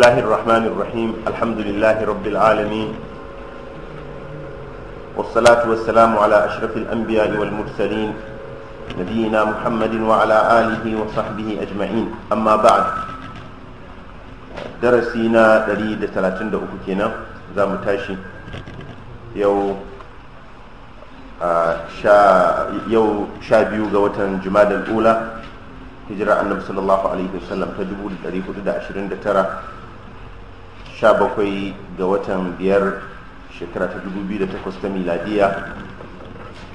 الله الرحمن الرحيم الحمد لله رب العالمين والصلاة والسلام على أشرف الأنبياء والمرسلين نبينا محمد وعلى آله وصحبه أجمعين أما بعد درسينا دليل ثلاثين دقيقة za mu tashi yau yau sha biyu ga watan jumadal ula hijira annabi sallallahu alaihi wasallam ta 1429 17 ga watan biyar shekara ta 2008 ta miladiya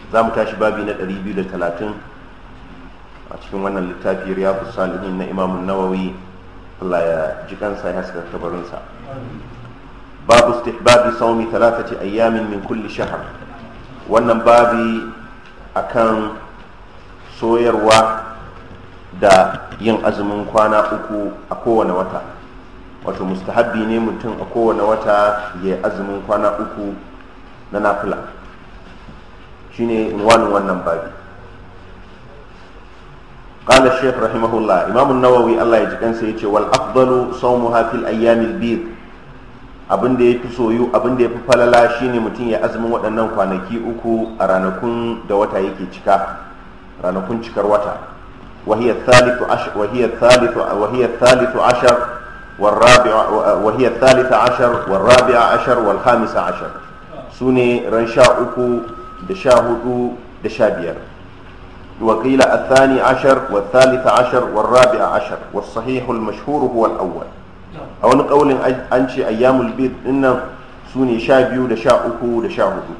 za mu tashi babi na 230 a cikin wannan littafi riyadu salihin na imamun nawawi Allah ya ji kansa ya haska kabarinsa babu istihbabi saumi talatati ayyamin min kulli shahar wannan babi akan soyarwa da yin azumin kwana uku a kowane wata wato mustahabbi ne mutum a kowane wata ya azumin kwana uku na nafila shine unwanin wannan babi قال الشيخ رحمه الله إمام النووي الله يجكن سيتي والأفضل صومها في الأيام البيض abin ya fi soyu abinda ya fi falala shine mutum ya azumin waɗannan kwanaki uku a ranakun da wata yake cika ranakun cikar wata wahiyar thalithu ashar والرابع وهي الثالثة عشر والرابعة عشر والخامسة عشر سوني رنشا أكو دشاهدو دشابير وقيل الثاني عشر والثالث عشر والرابع عشر والصحيح المشهور هو الأول أو نقول أنشي أيام البيض إن سوني شابيو دشا أكو دشاهدو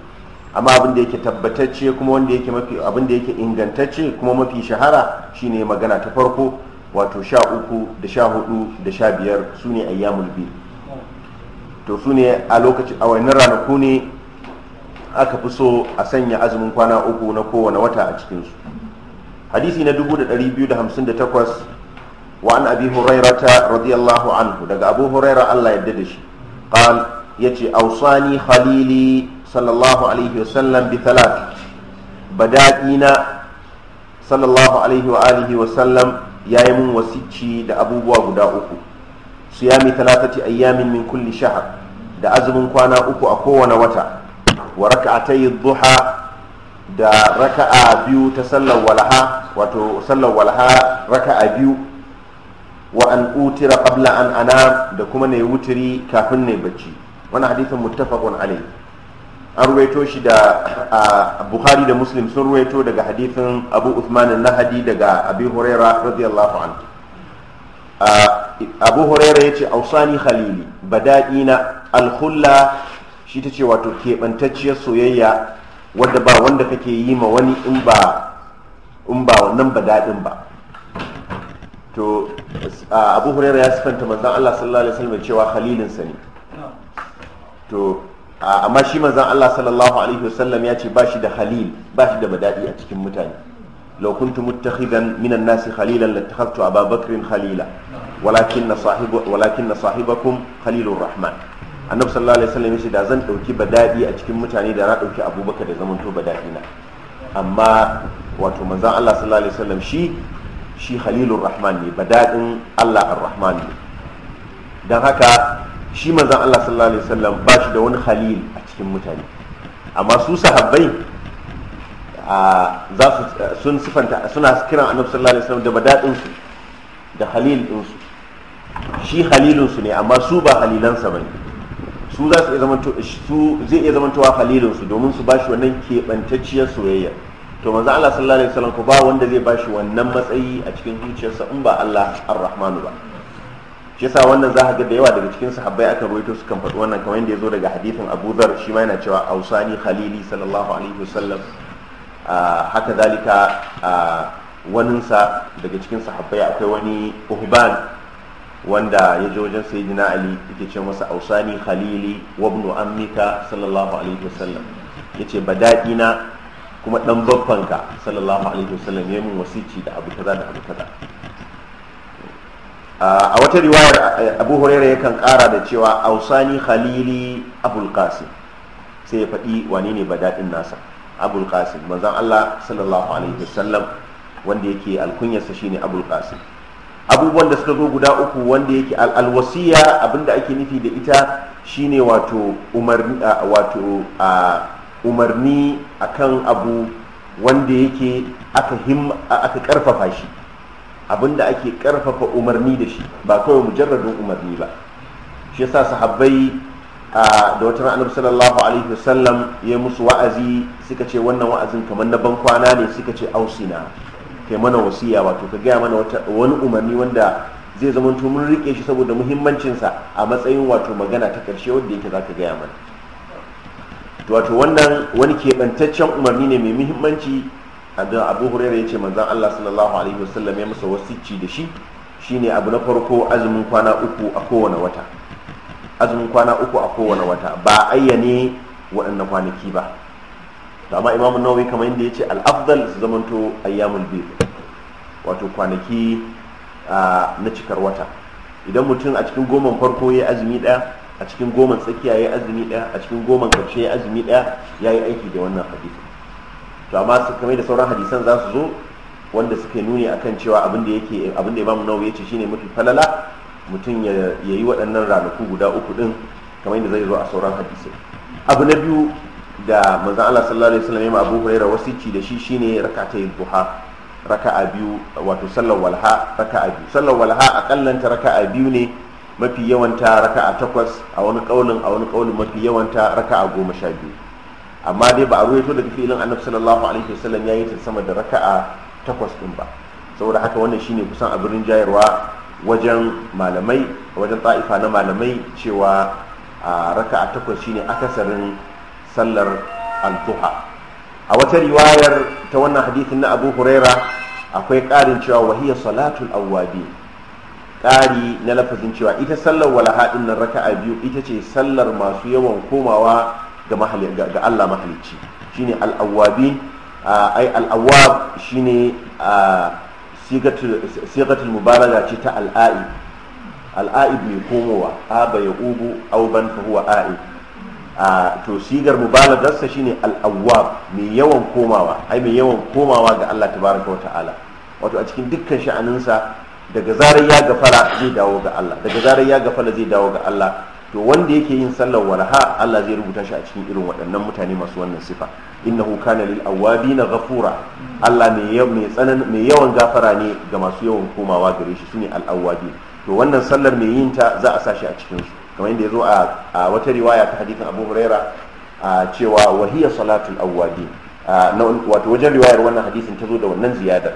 amma abin da yake tabbatacce kuma wanda yake mafi abin da yake ingantacce kuma mafi shahara shine magana ta farko wato sha uku da sha hudu da sha biyar su ne ayyamul bid to su ne a lokacin a wani ranaku ne aka fi so a sanya azumin kwana uku na kowane wata a cikinsu hadisi na 2258 wa an abi hurairata radiyallahu anhu daga abu huraira Allah yadda da shi qal yace ausani khalili sallallahu alaihi wasallam bi thalath badaqina sallallahu alaihi wa alihi wasallam ya yi mun wasicci da abubuwa guda uku siyami talatati ayyamin min kulli shahar da azumin kwana uku a kowane wata wa raka'atai duha da raka'a biyu ta sallar walha wato sallar walaha raka'a biyu wa an utira qabla an ana da kuma ne wutiri kafin ne bacci wani hadithin muttafaqun alayhi an ruwaito shi da bukhari da muslim sun ruwaito daga hadithin abu usman nahadi daga abi huraira radiyallahu anhu abu huraira ya ce ausani khalili bada'ina alhulla shi ta ce wato keɓantacciyar soyayya wadda ba wanda kake yi ma wani in ba in ba wannan ba to abu huraira ya sifanta manzon allah sallallahu alaihi wasallam cewa khalilinsa ne to amma shi manzon Allah sallallahu alaihi wasallam ya ce ba shi da halil ba shi da madadi a cikin mutane law kuntu muttakhidan minan nasi khalilan lattakhadtu Aba Bakrin khalila walakin sahibu walakin sahibakum khalilur rahman annabi sallallahu alaihi wasallam ya da zan dauki badadi a cikin mutane da na dauki abubakar da zamanto badadi na amma wato manzon Allah sallallahu alaihi wasallam shi shi khalilur rahman ne badadin Allah ar-rahman ne dan haka shi manzan Allah sallallahu alaihi wasallam ba shi da wani halil a cikin mutane amma su sahabbai za su sun sifanta suna kiran annabi sallallahu alaihi wasallam da badadin su da halil din su shi halilun su ne amma su ba halilansa bane su za su su zai iya zama towa halilun su domin su bashi wannan kebantacciyar soyayya to manzo Allah sallallahu alaihi wasallam ko ba wanda zai bashi wannan matsayi a cikin zuciyarsa in ba Allah ar-Rahmanu ba shi yasa wannan za a ga da yawa daga cikin sahabbai aka ruwaito su kan faɗi wannan kamar yadda ya zo daga hadithin Abu Dhar shi ma yana cewa ausani khalili sallallahu alaihi wasallam ah, haka zalika ah, waninsa daga cikin sahabbai akwai wani uhban wanda ya je wajen sayyidina ali yake ce masa ausani khalili wa ibn ammika sallallahu alaihi wasallam yace na kuma dan ka sallallahu alaihi wasallam ya min wasici da abu kaza da abu kaza a wata riwayar abu huraira yakan kara da cewa ausani khalili abul qasim sai ya faɗi wane ne ba daɗin nasa abul qasim manzon Allah sallallahu alaihi wasallam wanda yake alkunyarsa shine abul qasim abubuwan da suka zo guda uku wanda yake alwasiya abinda ake nufi da ita shine wato umarni wato umarni akan abu wanda yake aka him aka karfafa shi Abin da ake karfafa umarni da shi ba kawai mujarradin umarni ba shi yasa sahabbai da wata annabi sallallahu alaihi wasallam ya musu wa'azi suka ce wannan wa'azin kamar na ban kwana ne suka ce ausina kai mana wasiya wato ka gaya mana wani umarni wanda zai zama mun rike shi saboda muhimmancinsa a matsayin wato magana ta karshe wanda yake zaka gaya mana wato wannan wani keɓantaccen umarni ne mai muhimmanci abin abu hurairu ya ce manzan allah sallallahu alaihi wasallam ya masa wasicci da shi shine abu na farko azumin kwana uku a kowane wata azumin kwana uku a kowane wata ba ayyane waɗannan kwanaki ba to amma imamu nawawi kamar yadda ya ce al'afdal su zamanto ayyamul bid wato kwanaki na cikar wata idan mutum a cikin goman farko ya azumi ɗaya a cikin goman tsakiya ya azumi ɗaya a cikin goman ƙarshe ya azumi ɗaya ya yi aiki da wannan hadisi to amma su kamar da sauran hadisan za su zo wanda suke nuni akan cewa abin da yake abin da Imam Nawawi yace shine mutum falala mutum ya yi waɗannan ranaku guda uku din kamar yadda zai zo a sauran hadisai abu na biyu da manzo Allah sallallahu alaihi wasallam ya Abu Hurairah wasici da shi shine rak'atay duha raka'a biyu wato sallar walha raka'a biyu sallar walha ta raka'a biyu ne mafi yawanta raka'a takwas a wani kaulin a wani kaulin mafi yawanta raka'a goma sha biyu amma dai ba a ruwaito daga filin annabi sallallahu alaihi wasallam ya yi ta sama da raka'a takwas din ba saboda haka wannan shine kusan abin jayarwa wajen malamai wajen ta'ifa na malamai cewa a raka'a takwas shine akasarin sallar al-duha a wata riwayar ta wannan hadithin na abu huraira akwai karin cewa wahiya salatul awwabi kari na lafazin cewa ita sallar walaha na raka'a biyu ita ce sallar masu yawan komawa ga ga Allah mahalicci shine al-awwabin ai al-awwab shine sigatul mubalaga ce ta al'a'i al'a'i bai komowa aba ya ubu auban fa huwa a'i to sigar shi shine al'awwab mai yawan komawa ai mai yawan komawa ga Allah tabaraka wa ta'ala wato a cikin dukkan sha'aninsa daga zarar ya gafara zai dawo ga Allah daga zarar ya gafara zai dawo ga Allah to wanda yake yin sallar walha Allah zai rubuta shi a cikin irin waɗannan mutane masu wannan sifa innahu kana lil awabina ghafura Allah mai tsanan mai yawan gafara ne ga masu yawan komawa gare shi sune al awabi to wannan sallar mai yin ta za a sa shi a cikin su kamar yadda yazo a wata riwaya ta hadithin Abu Huraira cewa wahiya salatul awabi wato wajen riwayar wannan hadisin ta zo da wannan ziyadar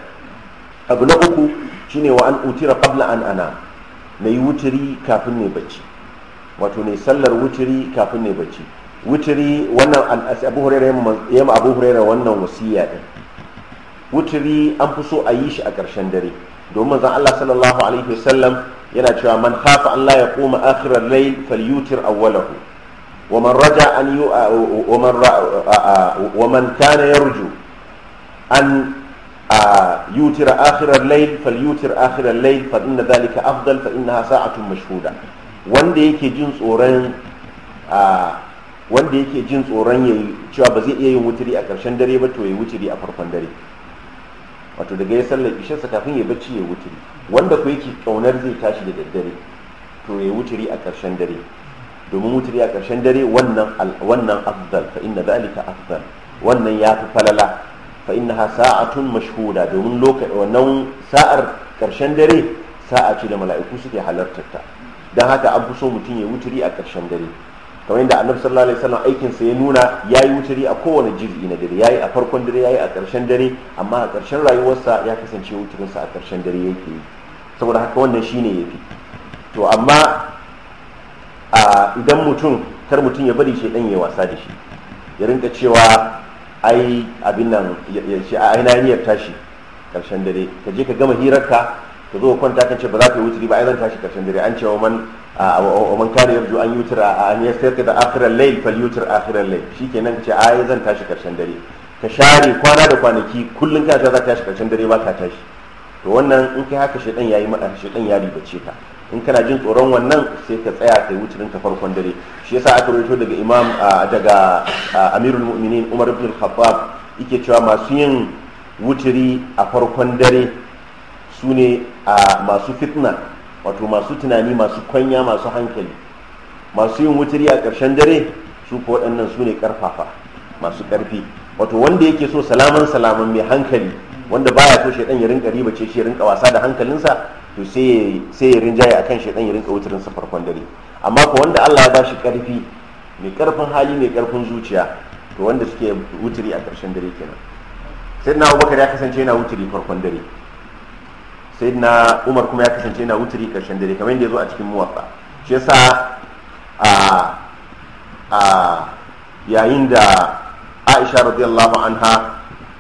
abu na uku shine wa an utira qabla an ana na yi wuturi kafin ne bacci wato ne sallar wuturi kafin ne bacci wuturi wannan abu hurairar ya ma abu hurairar wannan wasiya din wuturi an fi so a yi shi a ƙarshen dare domin zan Allah sallallahu alaihi wasallam yana cewa man khafa allah ya koma akhirar layl falyutir awwalahu wa man raja an yu wa man wa man kana yarju an yutira akhirar layl falyutir akhirar layl fa inna dhalika afdal fa innaha sa'atun mashhuda wanda yake jin tsoron a wanda yake jin tsoron ya cewa ba zai iya yin wuturi a ƙarshen dare ba to ya wuturi a farkon dare wato daga ya sallar sa kafin ya bacci ya wuturi wanda ku yake ƙaunar zai tashi da daddare to ya wuturi a ƙarshen dare domin wuturi a ƙarshen dare wannan wannan afdal fa inna zalika afdal wannan ya fi falala fa ha sa'atun mashhuda domin lokacin wannan sa'ar ƙarshen dare sa'a ce da mala'iku suke halartar ta don haka an fi so mutum ya wuturi a ƙarshen dare kamar yadda annabi sallallahu alaihi wasallam aikin sa ya nuna yayi wuturi a kowane jiri na dare yayi a farkon dare yayi a ƙarshen dare amma a ƙarshen rayuwarsa ya kasance wuturin sa a ƙarshen dare yake yi saboda haka wannan shine yafi to amma a idan mutum kar mutum ya bari shedan ya wasa da shi ya rinka cewa ai abin nan ya ce ina na ya tashi ƙarshen dare ka je ka gama hirarka ka zo kwanta kan ce ba za ka yi wuturi ba ai zan tashi karshen dare an ce wa man a man kare yarju an a an yi yastaqi da akhiral layl fal yutur akhiral layl shikenan ce ai zan tashi karshen dare ka share kwana da kwanaki kullun ka za ka tashi karshen dare ba ka tashi to wannan in kai haka shedan yayi maka shedan ya ribace ka in kana jin tsoron wannan sai ka tsaya kai wuturin ka farkon dare shi yasa aka rubuto daga imam daga amirul mu'minin umar ibn al-khattab yake cewa masu yin wuturi a farkon dare su ne a masu fitna wato masu tunani masu kwanya masu hankali masu yin wuturi a ƙarshen dare su ko waɗannan su ne ƙarfafa masu ƙarfi wato wanda yake so salaman salaman mai hankali wanda baya so shaidan ya rinka riba ce shi rinka wasa da hankalinsa to sai ya rinjaye kan shaidan ya rinka wuturin sa farkon dare amma ko wanda Allah ya bashi ƙarfi mai ƙarfin hali mai ƙarfin zuciya to wanda suke wuturi a ƙarshen dare kenan sai na abubakar ya kasance yana wuturi farkon dare sai na umar kuma ya kasance yana wuturi karshen dare kamar yadda ya zo a cikin muwaffa shi yasa a a yayin da aisha radiyallahu anha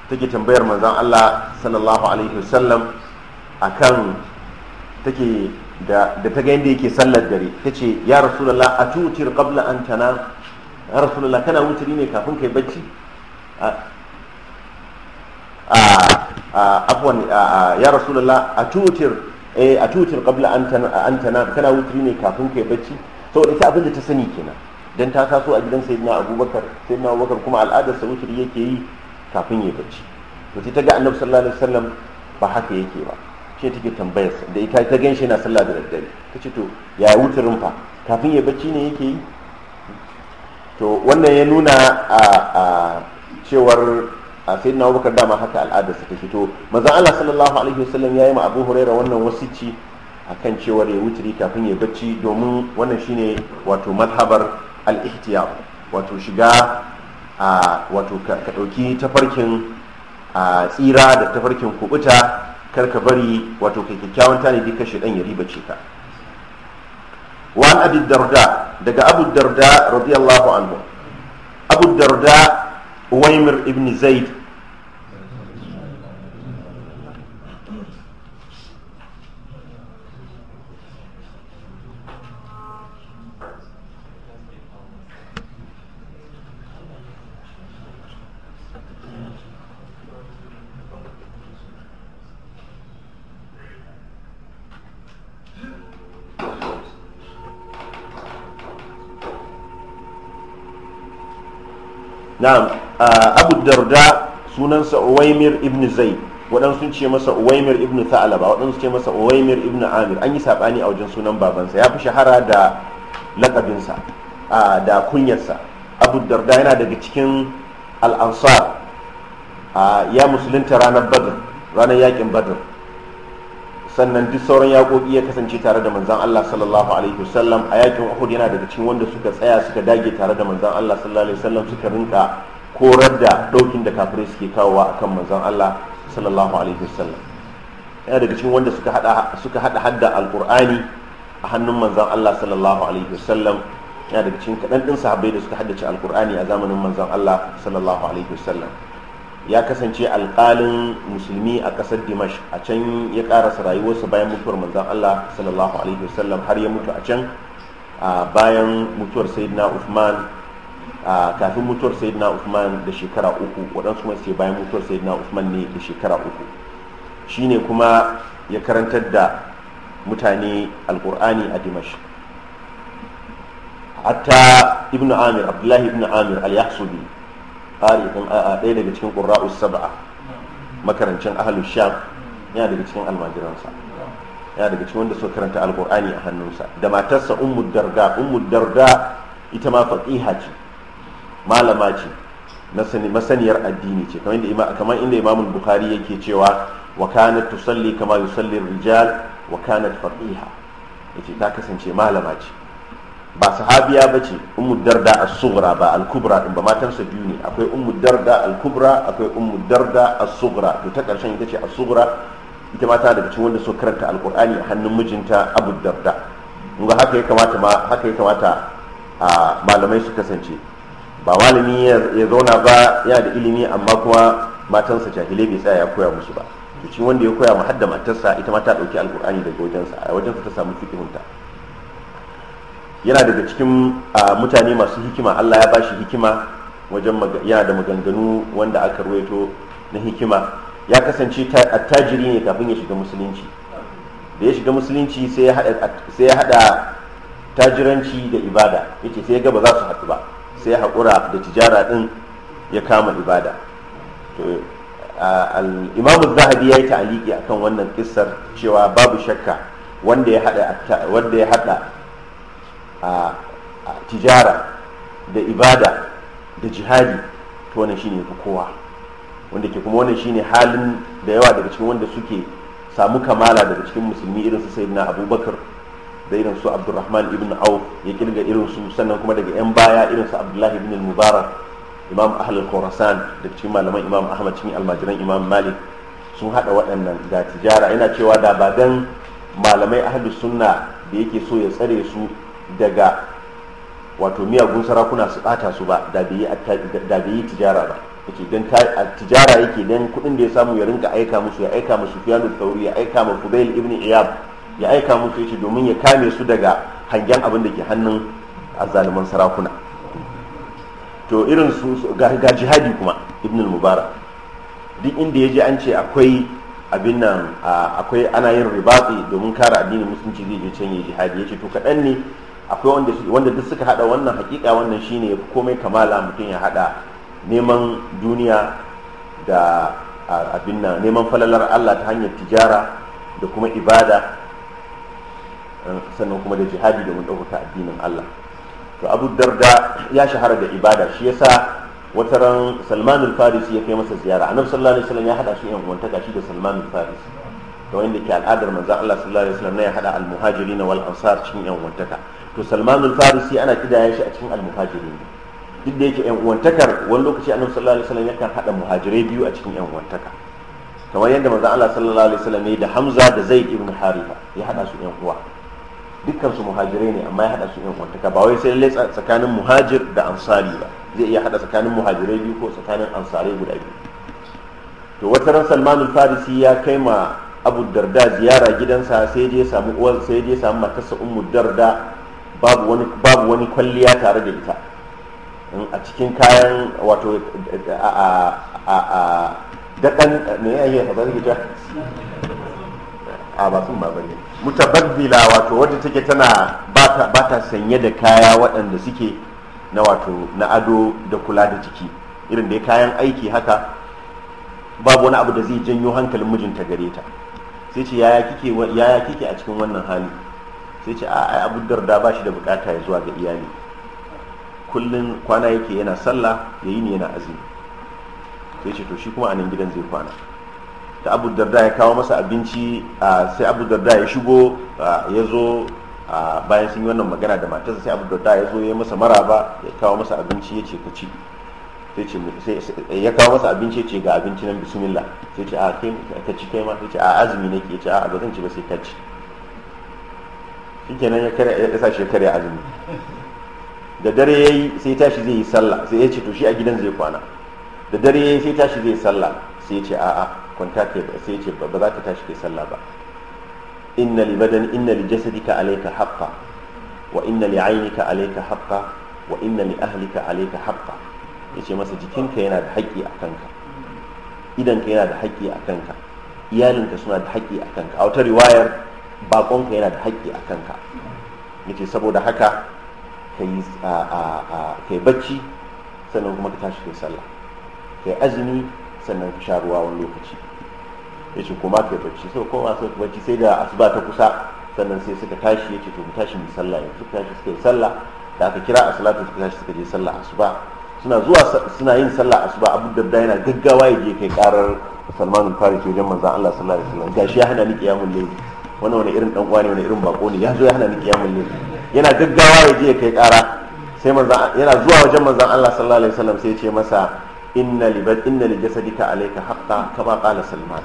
take tambayar manzon Allah sallallahu alaihi wasallam akan take da da ta ga yadda yake sallar dare tace ya rasulullah atutir qabla an tana ya rasulullah kana wuturi ne kafin kai bacci a afwan ya rasulullah a tutir a tutir qabla an tana kana wutri ne kafin kai bacci saboda ita abin da ta sani kenan dan ta taso a gidan sayyidina abubakar sayyidina abubakar kuma al'adar sa wutri yake yi kafin ya bacci to sai ta ga annabi sallallahu alaihi wasallam ba haka yake ba ke take tambayar sa da ita ta ganshi na sallah da daddare ce to ya wutrin fa kafin ya bacci ne yake yi to wannan ya nuna a cewar a sayyidina abubakar dama haka al'adar su ta fito manzon Allah sallallahu alaihi wasallam yayi ma Abu Hurairah wannan wasici akan cewa ya wuturi kafin ya bacci domin wannan shine wato madhabar al-ihtiyar wato shiga a wato ka dauki tafarkin a tsira da tafarkin kubuta kar ka bari wato kai kyakkyawan tanadi ka shedan ya riba ce ka وعن أبي الدرداء دقى أبو الدرداء رضي الله عنه أبو الدرداء ويمر na'am ah, abu darda sunansa uwaimir ibn zai. waɗansu ce masa uwaimir ibn ta'alaba. waɗansu ce masa uwaimir ibn amir an yi saɓani a wajen sunan babansa ya fi shahara da lakabinsa da kunyarsa abu darda yana daga cikin al'ansar ah, ya musulunta ranar badr ranar yakin badr sannan duk sauran yaƙoƙi ya kasance tare da manzan Allah sallallahu alaihi wasallam a yakin Uhud yana daga cikin wanda suka tsaya suka dage tare da manzan Allah sallallahu alaihi wasallam suka rinka korar da ɗaukin da kafirai suke kawowa akan manzan Allah sallallahu alaihi wasallam yana daga cikin wanda suka hada suka hada hadda alqur'ani a hannun manzan Allah sallallahu alaihi wasallam yana daga cikin kaɗan ɗin sahabbai da suka haddace alqur'ani a zamanin manzan Allah sallallahu alaihi wasallam ya kasance alƙalin musulmi a ƙasar dimash a can ya ƙarasa rayuwarsa bayan mutuwar manzan allah sallallahu alaihi wasallam har ya mutu a can bayan mutuwar sayyidina uthman kafin mutuwar sayyidina usman da shekara uku waɗansu kuma sai bayan mutuwar sayyidina uthman ne da shekara uku shine kuma ya karantar da mutane alƙur'ani a dimash hatta ibnu amir abdullahi ibnu amir al-yahsubi ƙari ɗin a ɗaya daga cikin ƙura'u saba'a makarancin ahalus sham yana daga cikin almajiransa yana daga cikin wanda suka karanta alƙur'ani a hannunsa da matarsa ummu darda ummu darda ita ma faqiha ce malama ce masaniyar addini ce kamar inda kamar inda imamul bukhari yake cewa wa kanat tusalli kama yusalli rijal wa kanat faqiha yace ta kasance malama ce ba sahabiya ba ce ummu darda as-sughra ba al-kubra din ba matansa biyu ne akwai ummu darda al-kubra akwai ummu darda as to ta karshen ita ce as-sughra ita ma ta daga cikin wanda so karanta alqur'ani a hannun mijinta abu darda ga haka ya kamata ma haka ya kamata a malamai su kasance ba malami ya zauna ba ya da ilimi amma kuma matansa jahilai bai tsaya ya koya musu ba to cikin wanda ya koya ma hadda matarsa ita ma ta dauki alqur'ani daga wajensa a wajensa ta samu fikihunta yana daga cikin mutane masu hikima Allah ya bashi hikima wajen yana da maganganu wanda aka ruwaito na hikima ya kasance attajiri ne kafin ya shiga musulunci da ya shiga musulunci sai ya hada tajiranci da ibada yace sai ya ga ba za su haɗu ba sai ya haƙura da tijara ɗin ya kama ibada to imamu zahabi ya yi ta'aliki akan wannan kisar cewa babu shakka wanda ya hada a tijara da ibada da jihadi to wannan shine fi kowa wanda ke kuma wannan shine halin da yawa daga cikin wanda suke samu kamala daga cikin musulmi irin su sayyidina abubakar da irin su abdurrahman ibn auf ya kirga irin su sannan kuma daga yan baya irin su abdullahi ibn mubarak imam ahlul khurasan daga cikin malaman imam ahmad cikin almajiran imam malik sun haɗa waɗannan Da tijara yana cewa da ba dan malamai ahlus sunna da yake so ya tsare su daga wato miyagun sarakuna su bata su ba da bai yi tijara ba yake don tijara yake don kuɗin da ya samu ya rinka aika musu ya aika musu fiyanu tauri ya aika ma fudail ibn iyab ya aika musu yake domin ya kame su daga hangen abin da ke hannun azaluman sarakuna to irin su ga jihadi kuma ibn mubarak duk inda ya ji an ce akwai abin nan akwai ana yin ribatsi domin kare addinin musulunci zai je can yi jihadi ya ce to kaɗan ne akwai wanda wanda duk suka hada wannan hakika wannan shine komai kamala mutum ya hada neman duniya da abin nan neman falalar Allah ta hanyar tijara da kuma ibada eh, sannan kuma da jihadi domin ɗaukaka addinin Allah to Abu Darda ya shahara da ibada shi yasa wata ran Salman al-Farisi ya kai masa ziyara Annabi sallallahu alaihi wasallam ya hada shi yan uwantaka shi da Salman al-Farisi da wanda ke al'adar manzon Allah sallallahu alaihi wasallam ne ya hada al-muhajirin wal ansar cikin yan uwantaka to salman al-farisi ana kidaya shi a cikin al-muhajirin duk da yake yan uwantakar wani lokaci annabi sallallahu alaihi wasallam yakan hada muhajirai biyu a cikin yan uwantaka kamar yadda manzon Allah sallallahu alaihi wasallam ne da Hamza da Zaid ibn Haritha ya hada su yan uwa dukkan su muhajirai ne amma ya hada su yan uwantaka ba wai sai lalle tsakanin muhajir da ansari ba zai iya hada tsakanin muhajirai biyu ko tsakanin ansari guda biyu to wata ran Salman al-Farisi ya kai ma Abu Darda ziyara gidansa sai je samu uwar sai je samu matarsa Ummu Darda babu wani kwalliya tare da ita a cikin kayan wato a a ne ya yi hazar gida. a ba sun ba bane mutabaddila wato wadda take tana ba ta sanye da kaya waɗanda suke na wato na ado da kula da ciki irin da kayan aiki haka babu wani abu da zai janyo hankalin mijinta gare ta sai ce yaya kike a cikin wannan hali sai ce a abu darda ba shi da bukata ya zuwa ga iyali kullum kwana yake yana sallah ya yi ne yana azumi sai ce to shi kuma a nan gidan zai kwana ta abu darda ya kawo masa abinci sai abu darda ya shigo ya zo bayan sun yi wannan magana da matarsa sai abu darda ya zo ya masa maraba ya kawo masa abinci ya ce ka ci ya kawo masa abinci ya ce ga abinci nan bismillah sai ce a kai ka ci kai ma sai ce a azumi nake ya ce a ba zan ci ba sai ka ci nan ya kare ya sa shi kare azumi da dare yayi sai tashi zai yi sallah sai ya ce to shi a gidan zai kwana da dare yayi sai tashi zai sallah sai ya ce a'a kwanta ke sai ya ce ba za ka tashi kai sallah ba inna li badan inna li jasadika alayka haqqa wa inna li aynika alayka haqqa wa inna li ahlika alayka haqqa yace masa jikinka yana da haƙƙi a kanka idanka yana da haƙƙi a kanka iyalinka suna da haƙƙi a kanka a wata riwayar bakonka yana da haƙƙi a kanka yace saboda haka ka yi bacci sannan kuma ka tashi kai sallah ka yi azumi sannan ka sha ruwa wani lokaci ce kuma ka yi bacci sau kuma sau ka bacci sai da asuba ta kusa sannan sai suka tashi yace to mu tashi mu sallah yanzu suka tashi suka yi sallah da aka kira a salatu suka tashi suka je sallah asuba suna zuwa suna yin sallah asuba abu da yana gaggawa ya je kai karar salmanul farisi wajen manzon Allah sallallahu alaihi wasallam gashi ya hana ni qiyamul layl wani wani irin dan uwa ne wani irin bako ne ya zo ya hana ni kiyamul layl yana gaggawa ya je ya kai kara sai manzan yana zuwa wajen manzan Allah sallallahu alaihi wasallam sai ya ce masa inna li inna li jasadika alayka haqqan kama qala salman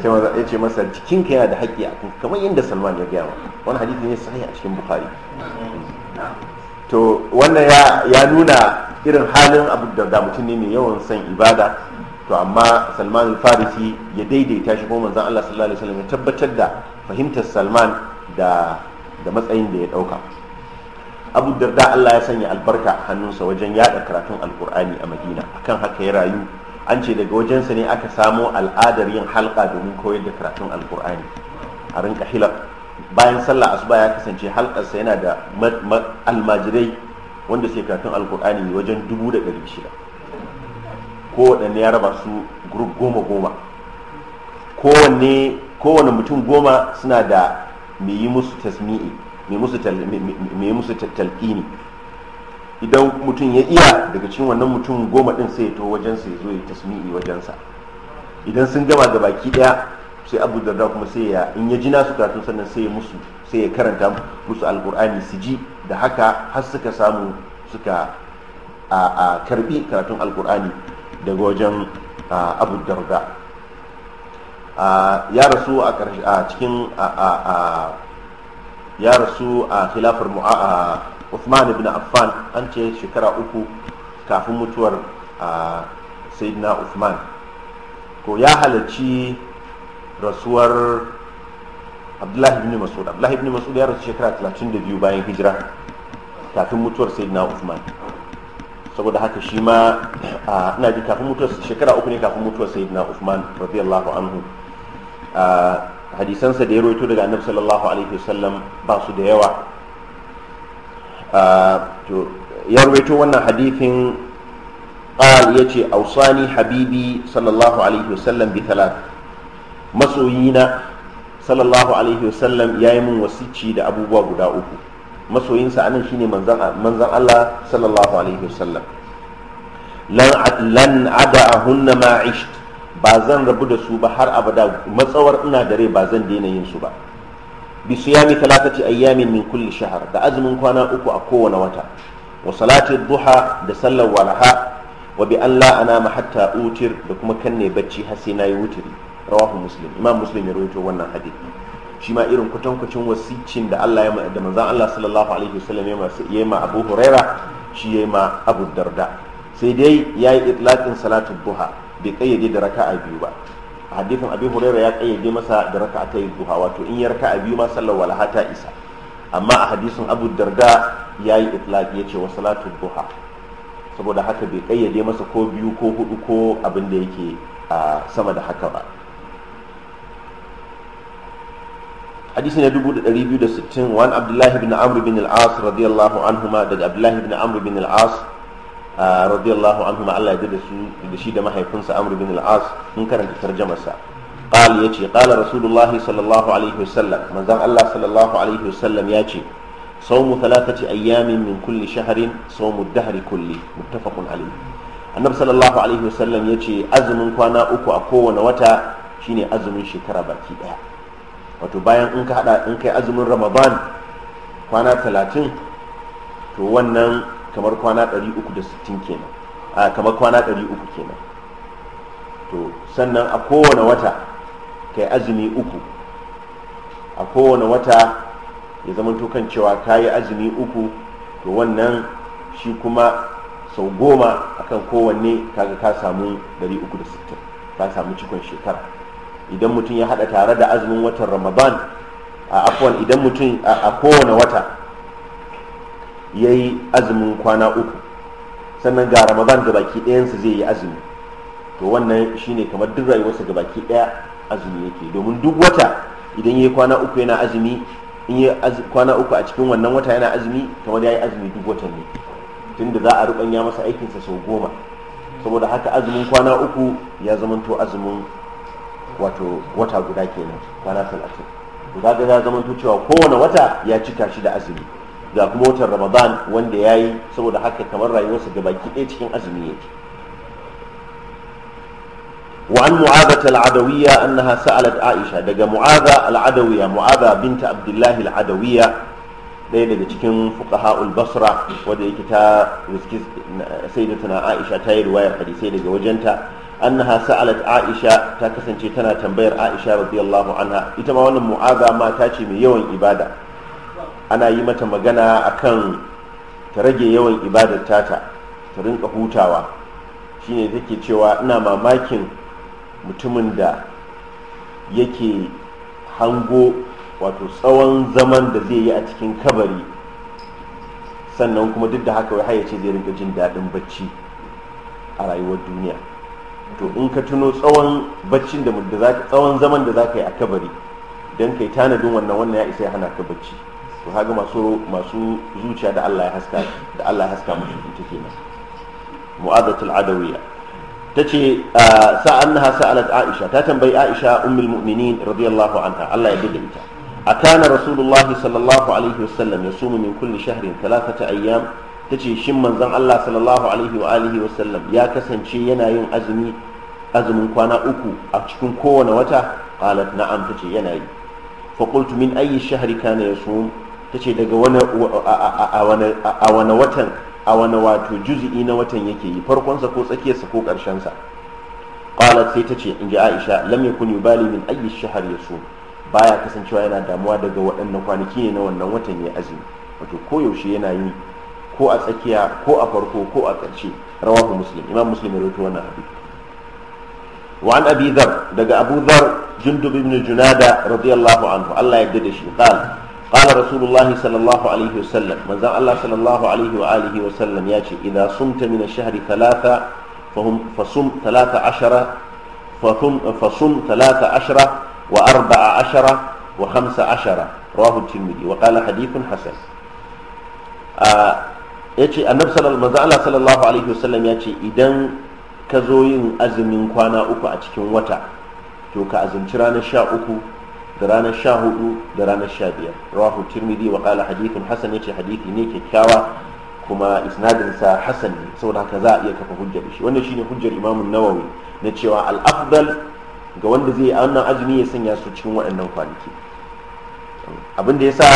sai manzan ya ce masa jikinka yana da haƙƙi a kan kamar yadda salman ya gaya wani hadisi ne sahihi a cikin bukhari to wannan ya ya nuna irin halin abu da mutum ne mai yawan son ibada to amma salman farisi ya daidaita shi kuma manzon Allah sallallahu alaihi wasallam ya tabbatar da fahimtar salman da da matsayin da ya dauka abu darda Allah ya sanya albarka hannunsa wajen yada karatun alkur'ani a madina akan haka ya rayu an ce daga wajen sa ne aka samo al'adar yin halka domin koyar da karatun alkur'ani a rinka hilal bayan sallah asuba ya kasance sa yana da almajirai wanda suke karatun alkur'ani wajen dubu da ɗari shida kowanne ya raba su grup goma goma kowanne kowane mutum goma suna da mai yi musu tasmi'i me yi musu talqini idan mutum ya iya daga cikin wannan mutum goma din sai ya to wajensa ya zo ya tasmi'i wajensa idan sun gama ga baki daya sai abu darda kuma sai ya in ya ji nasu karatun sannan sai ya musu sai ya karanta musu alkur'ani su ji da haka har suka samu suka a karbi karatun alkur'ani daga wajen abu darda ya rasu a cikin ya rasu a khilafar Uthman ibn Affan an ce shekara uku kafin mutuwar Sayyidina Uthman ko ya halarci rasuwar Abdullahi ibn Mas'ud Abdullahi ibn Mas'ud ya rasu shekara 32 bayan hijira kafin mutuwar Sayyidina Uthman saboda haka shi ma ina ji kafin mutuwar shekara uku ne kafin mutuwar sayyidina Uthman radiyallahu anhu hadisansa da ya roito daga annabi sallallahu alaihi wasallam ba su da yawa to ya roito wannan hadithin qal yace ausani habibi sallallahu alaihi wasallam bi talat masoyina sallallahu alaihi wasallam yayi min wasici da abubuwa guda uku masoyinsa anan shine manzan Allah sallallahu alaihi wasallam lan lan ada'ahunna ma isht ba zan rabu da su ba har abada matsawar ina da rai ba zan daina yin su ba bi siyami talatati ayyamin min kulli shahr da azumin kwana uku a kowane wata wa salati duha da sallar walaha wa bi an la anama hatta utir da kuma kanne bacci har sai nayi wutiri rawahu muslim imam muslim ya rawaito wannan hadisi shi ma irin kutankucin wasicin da Allah ya da manzon Allah sallallahu alaihi wasallam ya yi ma Abu Huraira shi yi ma Abu Darda sai dai yayi itlaqin salatul duha bai kayyade da raka'a biyu ba hadisin Abu Huraira ya kayyade masa da raka'a ta duha wato in ya raka'a biyu ma sallar walaha ta isa amma a hadisin Abu Darda yayi ya ce wa salatul duha saboda haka bai kayyade masa ko biyu ko hudu ko abin da yake sama da haka ba hadisi na 2260 wani abdullahi bin amr bin al-as radiyallahu anhuma daga abdullahi bin amr bin al-as ah, radiyallahu anhuma Allah ya da da shi da mahaifinsa amr bin al-as mun karanta tarjamarsa qal yace qala rasulullahi sallallahu alaihi wasallam manzon Allah sallallahu alaihi wasallam yace صوم ثلاثة أيام من كل شهر صوم الدهر كله متفق عليه النبي صلى الله عليه وسلم يجي أزم كوانا أكو أكو ونوتا شيني أزم شكرا باكي wato bayan in ka hada in kai azumin ramadan kwana 30 to wannan kamar kwana 360 kenan a kamar kwana 300 kenan to sannan a kowane wata kai azumi uku a kowane wata ya zama kan cewa ka yi azumi uku to wannan shi kuma sau goma akan kowanne kaga ka samu 360 ka samu cikon shekara idan mutum ya haɗa tare da azumin watan ramadan a afwan idan mutum a kowane wata ya yi azumin kwana uku sannan ga ramadan ga baki ɗayansa zai yi azumi to wannan shine kamar duk rayuwarsa ga baki ɗaya azumi yake domin duk wata idan ya yi kwana uku yana azumi in yi kwana uku a cikin wannan wata yana azumi kamar ya yi azumi duk watan ne tunda za a ruɓanya masa aikinsa sau goma saboda haka azumin kwana uku ya zamanto azumin wato wata guda kenan kwana talatin to kaga zama to cewa kowane wata ya cika shi da azumi ga kuma watan ramadan wanda ya yi saboda haka kamar rayuwarsa ga baki ɗaya cikin azumi yake وعن معاذة العدوية أنها Aisha. Daga دقى معاذة العدوية معاذة Binta Abdullahi الله العدوية ɗaya daga cikin fuqaha'ul basra wadda yake ta sayyidatuna aisha ta yi riwayar sai daga wajenta annaha sa'alat aisha ta kasance tana tambayar aisha radiyallahu anha ita ma wannan mu'aza mata ce mai yawan ibada ana yi mata magana akan ta rage yawan ibadar tata ta rinka hutawa shine take cewa ina mamakin mutumin da yake hango wato tsawon zaman da zai yi a cikin kabari sannan kuma duk da haka wai ce zai rinka jin daɗin bacci a rayuwar duniya to in ka tuno tsawon baccin da tsawon zaman da zaka yi a kabari don kai tanadin wannan wannan ya isa ya hana ka bacci to haga masu masu zuciya da Allah ya haska da Allah ya haska musu ita kenan mu'adatul adawiyya tace ah, sa'annaha sa'alat Aisha ta tambayi Aisha ummul mu'minin radiyallahu anha Allah ya bada ita akana rasulullahi sallallahu alaihi wasallam yasumu min kulli shahrin thalathata ayyam ta ce shin manzon Allah sallallahu alaihi wa alihi wa sallam ya kasance yana yin azumi azumin kwana uku a cikin kowane wata qalat na'am ta ce yana yi fa qultu min ayyi shahri kana yasum ta ce daga wani a wani watan a wani wato juz'i na watan yake yi farkonsa ko tsakiyarsa ko karshen sa. qalat sai ta ce in ji aisha lam yakun yubali min ayyi shahri yasum baya kasancewa yana damuwa daga waɗannan kwanaki ne na wannan watan ya azumi wato koyaushe yana yi ko a tsakiya ko a farko ko a ƙarshe rawahu muslim imam muslim ya rawaito wannan hadisi wa an abi dhar daga abu dhar jundub ibn junada radiyallahu anhu Allah ya da shi qala qala rasulullahi sallallahu alaihi wasallam manzon Allah sallallahu alaihi wa alihi wasallam ya ce idza sumta min ash-shahri thalatha fahum fasum thalatha ashara fahum fasum thalatha ashara wa arba'a ashara wa khamsa ashara rawahu at-tirmidhi wa qala hadithun hasan ah, ya ce annabi sallallahu alaihi wasallam ya ce idan ka zo yin azumin kwana uku a cikin wata to ka azumci ranar sha uku da ranar sha hudu da ranar sha biyar rawahu tirmidhi wa qala hadithun hasan yace hadithi ne kyakkyawa kuma isnadin sa hasan ne saboda haka za a iya kafa hujjar shi wannan shine hujjar Imam Nawawi na cewa al afdal ga wanda zai wannan azumi ya sanya su cikin waɗannan kwanaki abin da yasa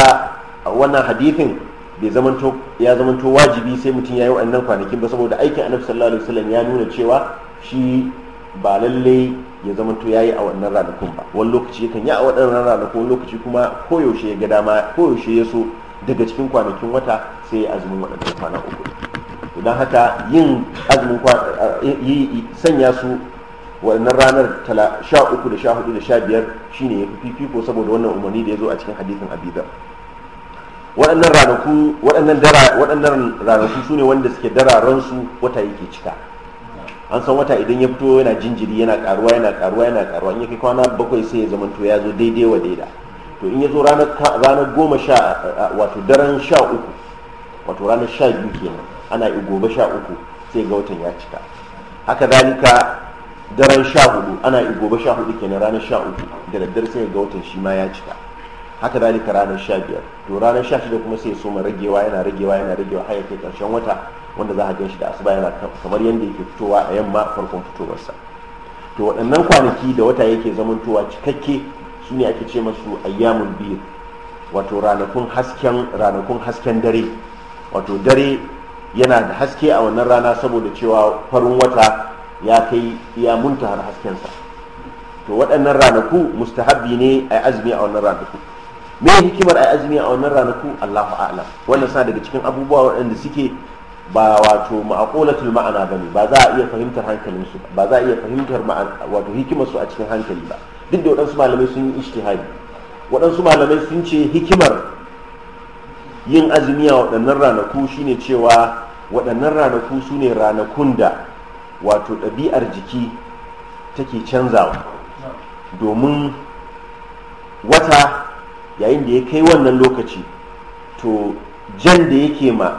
wannan hadithin bai zamanto ya zamanto wajibi sai mutum ya yi wa'annan kwanakin ba saboda aikin annabi sallallahu alaihi wasallam ya nuna cewa shi ba lalle ya zamanto ya yi a wannan ranakun ba wani lokaci yakan yi a wannan ranakun lokaci kuma koyaushe ya ga dama koyaushe ya so daga cikin kwanakin wata sai ya azumin waɗannan kwana uku don haka yin azumin sanya su wannan ranar sha uku da sha hudu da sha biyar shine ya fi fifiko saboda wannan umarni da ya zo a cikin hadisin abidar waɗannan ranaku waɗannan dara waɗannan ranaku su ne wanda suke dararansu wata yake cika an san wata idan ya fito yana jinjiri yana karuwa yana karuwa yana karuwa in ya kai kwana bakwai sai ya to ya zo daidai wa daida to in ya zo ranar goma sha wato daren sha uku wato ranar sha biyu kenan ana yi gobe sha uku sai ga watan ya cika haka zalika daren sha hudu ana yi gobe sha hudu kenan ranar sha uku da daddare sai ga watan shi ma ya cika haka zalika ranar sha biyar to ranar sha shida kuma sai ya soma ragewa yana ragewa yana ragewa har yake karshen wata wanda za a gan da asuba yana kamar yadda yake fitowa a yamma farkon fitowarsa to waɗannan kwanaki da wata yake zamantowa cikakke su ne ake ce masu ayyamun biyu wato ranakun hasken ranakun hasken dare wato dare yana da haske a wannan rana saboda cewa farin wata ya kai ya munta har haskensa to waɗannan ranaku mustahabbi ne a azumi a wannan ranaku me hikimar a azumi a wannan ranaku Allahu a'lam wannan sa daga cikin abubuwa waɗanda suke ba wato ma'aqulatul ma'ana bane ba za a iya fahimtar hankalin su ba za a iya fahimtar wato hikimar su a cikin hankali ba duk da waɗansu malamai sun yi ijtihadi waɗansu malamai sun ce hikimar yin azumi a waɗannan ranaku shine cewa waɗannan ranaku su ne ranakun da wato ɗabi'ar jiki take canzawa domin wata yayin da ya kai wannan lokaci to jan da yake ma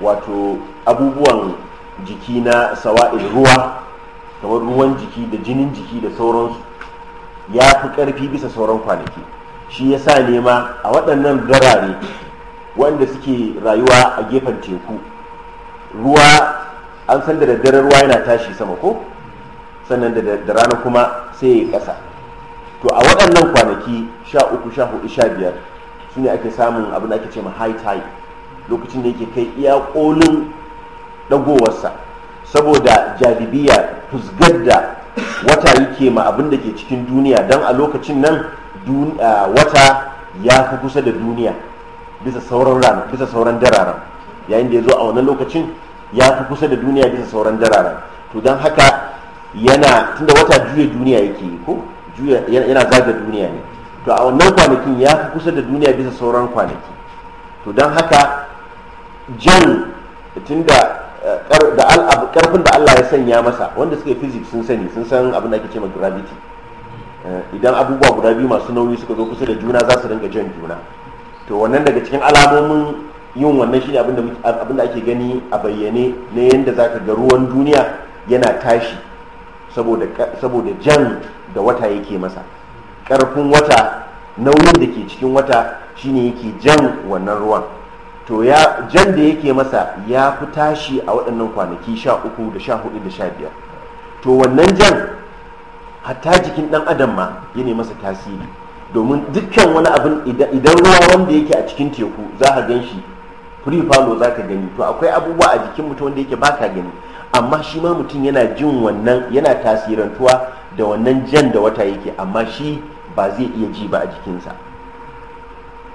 wato abubuwan jiki na sawa'in ruwa kamar ruwan jiki da jinin jiki da sauransu ya fi ƙarfi bisa sauran kwanaki shi ya sa nema a waɗannan garare wanda suke rayuwa a gefen teku ruwa an san da daddare ruwa yana tashi sama ko sannan da rana kuma sai ya ƙasa to a waɗannan kwanaki sha uku sha hudu sha biyar su ne ake samun abin da ake ce ma high tide lokacin da yake kai iya kolin ɗagowarsa saboda jadibiya fusgar da wata yake ma abin da ke cikin duniya don a lokacin nan wata ya fi kusa da duniya bisa sauran rana bisa sauran dararen yayin da ya zo a wannan lokacin ya fi kusa da duniya bisa sauran dararen to don haka yana tunda wata juya duniya yake yi ko yana zaga duniya ne to a wannan kwanakin ya fi kusa da duniya bisa sauran kwanaki to don haka jan tun eh, da karfin da Allah ya sanya masa wanda suka yi physics sun sani sun san abin da ake ce gravity eh, idan abubuwa guda biyu masu nauyi suka zo kusa da juna za su rinka jan juna to wannan daga cikin alamomin yin wannan shine abin da ake gani a bayyane na yadda zaka ga ruwan duniya yana tashi saboda jan da wata yake masa ƙarfin wata nauyin da ke cikin wata shine yake jan wannan ruwan to ya jan da yake masa ya fi tashi a waɗannan kwanaki sha uku da sha hudu da sha biyar to wannan jan hatta jikin ɗan adam ma ya ne masa tasiri domin dukkan wani abin idan ruwa wanda yake a cikin teku za ka gan shi free follow za ka gani to akwai abubuwa a jikin mutum wanda yake ba ka gani amma shi ma mutum yana jin wannan yana tasirantuwa da wannan jan da wata yake amma shi ba zai iya ji ba a jikinsa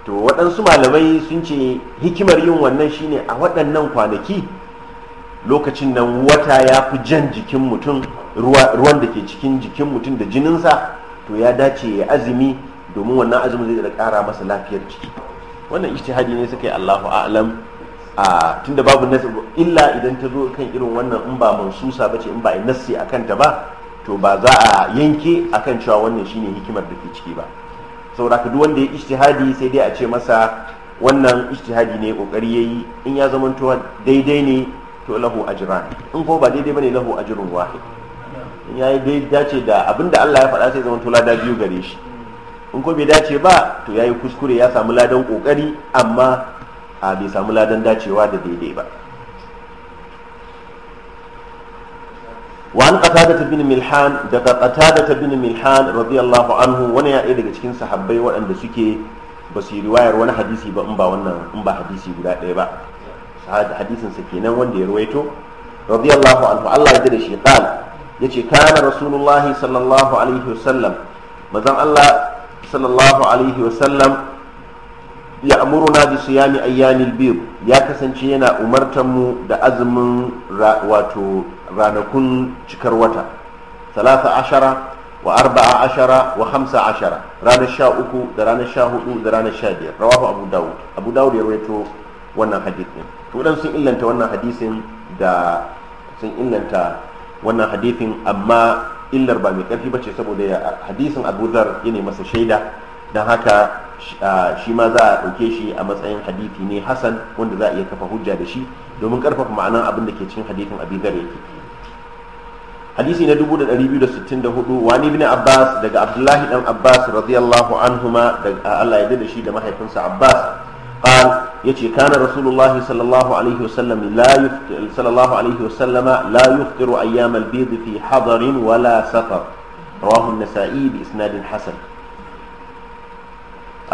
to waɗansu malamai sun ce hikimar yin wannan shine a waɗannan kwanaki lokacin nan wata ya fi jan jikin mutum ruwan da ke cikin jikin mutum da jininsa to ya dace ya azumi domin wannan azumin zai da ƙara masa lafiyar ciki wannan ishtihadi ne suka yi allahu a'lam a tunda babu nasi illa idan ta zo kan irin wannan in ba mansusa ce in ba a nasi a kanta ba to ba za a yanke a kan cewa wannan shine hikimar da ke ciki ba saboda duk wanda ya ishtihadi sai dai a ce masa wannan ishtihadi ne kokari ya yi. in ya tuwa daidai ne to lahu ajran in ko ba daidai bane lahu ajrun wahid in yayi dace da abinda Allah ya faɗa sai tuwa da biyu gare shi in ko bai dace ba to ya yi kuskure ya samu ladan kokari amma a bai samu ladan dacewa da daidai ba wa an ta bin milhan daga ta bin milhan radiyallahu anhu wani ya daga cikin sahabbai waɗanda suke ba su yi riwayar wani hadisi ba in ba wannan in ba hadisi guda ɗaya ba hadisin sa kenan wanda ya ruwaito radiyallahu anhu Allah ya da shi qala yace kana rasulullahi sallallahu alaihi wasallam manzon Allah sallallahu alaihi wasallam na bi siyami ayyamil bir ya kasance yana umartan mu da azumin wato ranakun cikar wata 13 wa 14 wa 15 ranar uku da ranar sha hudu da ranar sha biyar rawahu abu dawud abu dawud ya rawaito wannan hadisin to dan sun illanta wannan hadisin da sun illanta wannan hadisin amma illar ba mai karfi bace saboda hadisin abu dhar yana masa shaida don haka shi ma za a ɗauke shi a matsayin hadithi ne hasan wanda za a iya kafa hujja da shi domin karfafa ma'anar abin da ke cikin hadithin abi yake hadisi na 2264 wani ibn abbas daga abdullahi dan abbas radiyallahu anhuma daga Allah ya da shi da mahaifinsa abbas قال يتي كان رسول الله صلى الله عليه وسلم لا يفطر صلى الله عليه وسلم لا يفطر ايام البيض في حضر ولا سفر رواه النسائي باسناد حسن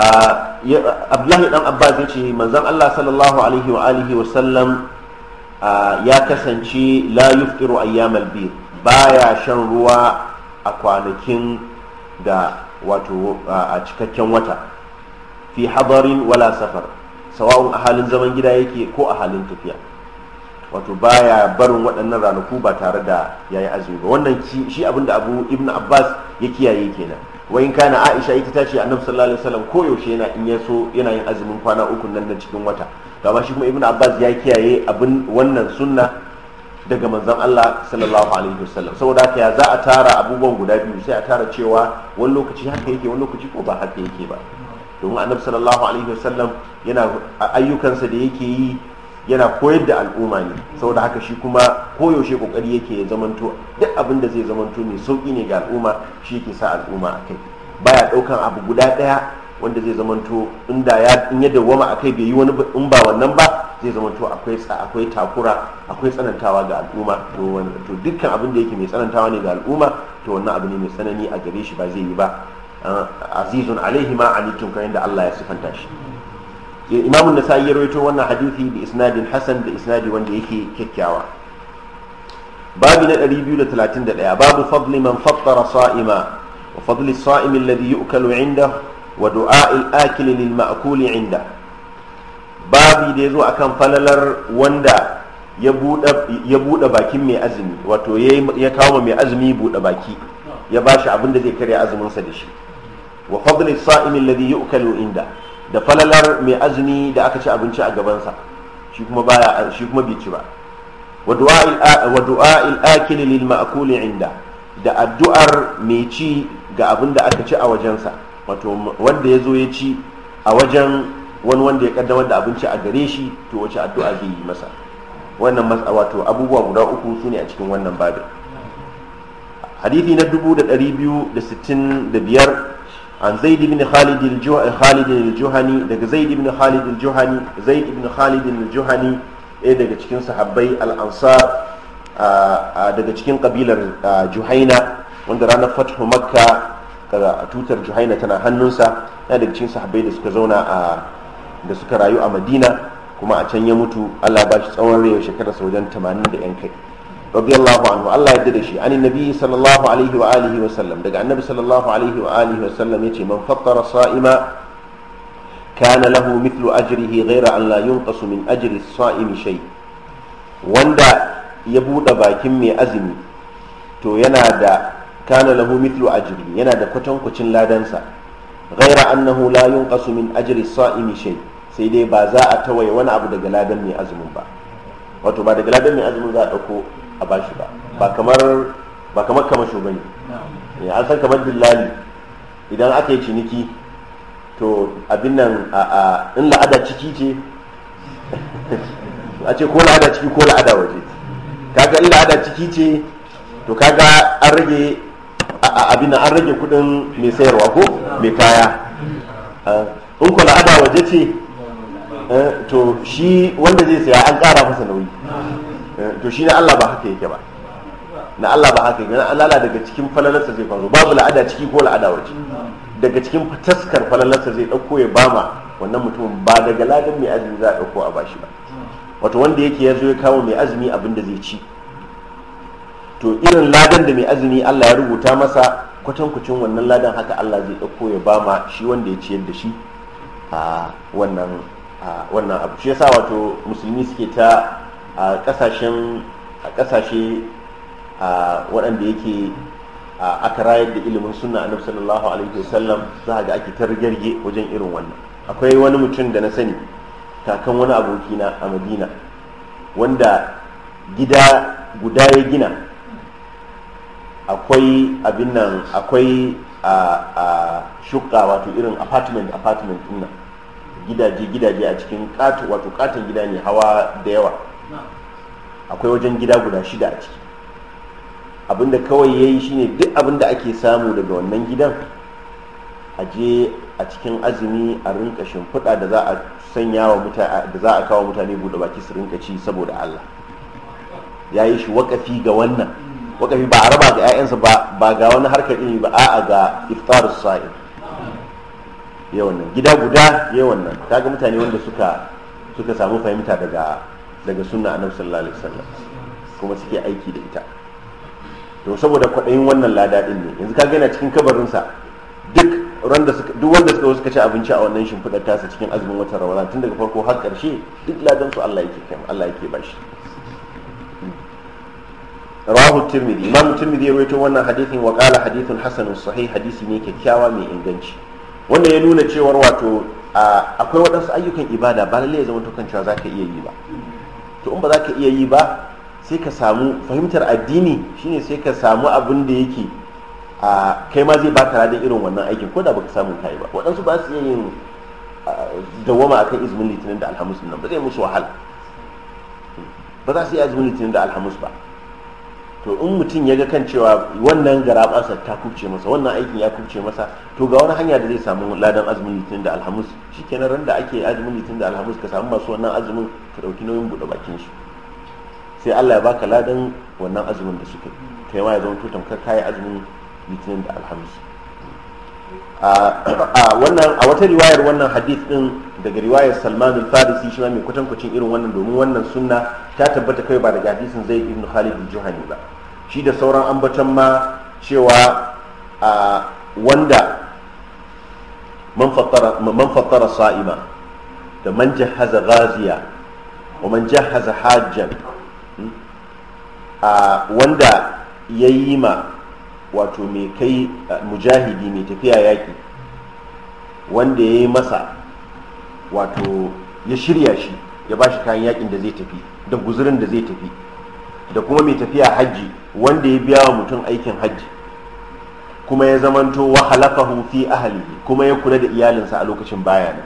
abdullahi dan abbas ya ce manzon allah sallallahu alaihi wa alihi wa sallam ya kasance la yuftiru ayyamalbi bir baya shan ruwa a kwanakin da wato a cikakken wata fi hadarin wala safar sawa'un a halin zaman gida yake ko a halin tafiya wato baya barin waɗannan ranaku ba tare da yayi azumi ba wannan shi abinda abu ibn abbas ya kiyaye kenan wa in kana aisha ita ta ce annabi sallallahu alaihi wasallam ko yaushe yana in yaso yana yin azumin kwana uku nan da cikin wata to amma shi kuma ibnu abbas ya kiyaye abin wannan sunna daga manzon Allah sallallahu alaihi wasallam saboda haka ya za a tara abubuwan guda biyu sai a tara cewa wani lokaci haka yake wani lokaci ko ba haka yake ba domin annabi sallallahu alaihi wasallam yana ayyukansa da yake yi yana koyar da al'umma ne saboda haka shi kuma koyaushe kokari yake ya zamanto duk abin da zai zamanto mai sauki ne ga al'umma shi yake sa al'umma a kai baya daukan abu guda ɗaya wanda zai zamanto inda ya in ya dawwama a kai bai yi wani in ba wannan ba zai zamanto akwai akwai takura akwai tsanantawa ga al'umma to to dukkan abin da yake mai tsanantawa ne ga al'umma to wannan abu ne mai tsanani a gare shi ba zai yi ba ah, azizun alaihi ma anitum kan yadda Allah ya sifanta shi Imamun an-nasa'i ya rawaito wannan hadisi bi isnadin hasan da isnadi wanda yake kyakkyawa babu na 231 babu fadli man fattara sa'ima wa fadli as-sa'im alladhi yu'kalu 'inda wa du'a al-akil lil ma'kul 'inda babu da yazo akan falalar wanda ya buɗe bakin mai azumi wato ya kawo mai azumi buɗe baki ya bashi abin da zai azumin sa da shi wa fadli as-sa'im alladhi yu'kalu 'inda da falalar mai azumi da aka ci abinci a gabansa shi kuma baya shi kuma bai ci ba wa du'a'il akil lil ma'kul inda da addu'ar mai ci ga abin da aka ci a wajensa wato wanda ya zo ya ci a wajen wani wanda ya kaddamar da abinci a gare shi to wace addu'a zai yi masa wannan wato abubuwa guda uku su ne a cikin wannan babin hadithi na 2265 an zaid ibn khalid al-juhani daga zaid ibn khalid al-juhani zaid ibn khalid al-juhani daga cikin sahabbai al-ansar daga cikin kabilar juhaina wanda ranar fathu makka tutar juhaina tana hannunsa na daga cikin sahabbai da suka zauna a da suka rayu a madina kuma a can ya mutu allah ba shi tsawon rayuwa shekarar wajen 80 da yan kai radiyallahu anhu Allah ya da shi an nabi sallallahu alaihi wa alihi wa sallam daga annabi sallallahu alaihi wa alihi wa sallam yace man fattara sa'ima kana lahu mithlu ajrihi ghayra an la yunqasu min ajri as-sa'imi shay wanda ya buɗe bakin mai azumi to yana da kana lahu mithlu ajri yana da kwatankwacin ladansa ghaira annahu la yunqasu min ajri as-sa'imi shay sai dai ba za a tawaye wani abu daga ladan mai azumin ba wato ba daga ladan mai azumin za a dauko a bashi ba ba kamar kamar shugani ne eh, an san kamar dillali idan aka yi ciniki to abin nan a in la'ada ciki ce a ce ko la'ada ciki ko la'ada waje kaga in la'ada ciki ce to kaga an rage abin nan an rage kudin mai sayarwa ko mai kaya eh, in ko la'ada waje ce eh, to shi wanda zai saya an kara masa nauyi Eh, to shi na Allah ba haka yake ba na Allah ba haka yake na Allah daga cikin falalarsa zai faru babu la'ada ciki ko la'ada waje daga cikin taskar falalarsa zai ɗauko ya bama wannan mutumin ba daga ladan mai azumi za a ɗauko a bashi ba wato wanda yake ya zo ya kawo mai azumi abin da zai ci to irin ladan da mai azumi Allah ya rubuta masa kwatankwacin wannan ladan haka Allah zai ɗauko ya bama shi wanda ya ciyar da shi a wannan abu shi yasa wato musulmi suke ta a kasashen a kasashe a waɗanda yake aka rayar da ilimin sunna annabi sallallahu alaihi wasallam za ga ake ta wajen irin wannan akwai wani mutum da na sani kakan wani abokina a madina wanda gida guda ya gina akwai abin nan akwai a shukka wato irin apartment apartment ɗin nan gidaje gidaje a cikin wato katon gida ne hawa da yawa akwai wajen gida guda shida a ciki abinda kawai ya yi shi ne duk abinda ake samu daga wannan gidan a je a cikin azumi a rinka shimfiɗa da za a sanya wa mutane da za a kawo mutane buɗe baki su rinka ci saboda Allah ya yi shi wakafi ga wannan wakafi ba a raba ga 'ya'yansa ba ga wani harkar ilimi ba a'a ga iftar sa'in yawan nan gida guda yawan nan kaga mutane wanda suka suka samu fahimta daga daga sunna a sallallahu alaihi wasallam kuma suke aiki da ita to saboda kwaɗayin wannan lada ɗin ne yanzu kaga yana cikin kabarinsa duk wanda suka wasu ci abinci a wannan shimfiɗar tasa cikin azumin wata ramadan tun daga farko har ƙarshe duk ladan su Allah yake kai Allah yake bashi Rahul tirmidhi imam tirmidhi ya rawaito wannan hadithin wa hadithin hadithun hasanun sahih hadisi ne kyakkyawa mai inganci Wanda ya nuna cewar wato akwai waɗansu ayyukan ibada ba lallai ya zama to kan cewa zaka iya yi ba to in ba za ka iya yi ba sai ka samu fahimtar addini shine sai ka samu abin da yake a kai ma zai baka da irin wannan aikin ko da baka samu kai ba waɗansu ba su iya yin dawama akan izmin litinin da alhamis nan ba zai musu wahala hmm. ba za su iya izmin litinin da alhamis ba to in mutum ya ga kan cewa wannan garabansa ta kubce masa wannan aikin ya kubce masa to ga wani hanya da zai samu ladan azumin litinin da alhamis shikenan ran da ake azumin litinin da alhamis ka samu masu wannan azumin ka dauki nauyin buɗe bakin su sai Allah ya baka ladan wannan azumin da suka yi ma ya zama to tamkar kai azumin litinin da alhamis a wannan a wata riwayar wannan hadith din daga riwayar Salman al-Farisi shi ma mai kwatankwacin irin wannan domin wannan sunna ta tabbata kai ba daga hadisin Zaid ibn Khalid al-Juhani ba shi da sauran ambaton ma cewa a wanda man fattara sa'ima da man jahaza gaziya wa man jahaza hajjan hmm, a wanda ya yi ma wato mai kai mujahidi mai tafiya yaƙi wanda ya yi masa wato ya shirya shi ya ba shi kayan yakin da zai tafi da guzurin da zai tafi da kuma mai tafiya hajji wanda ya biya wa mutum aikin hajji kuma ya zamanto wa halakahu fi ahlihi kuma ya kula da iyalinsa a lokacin baya nan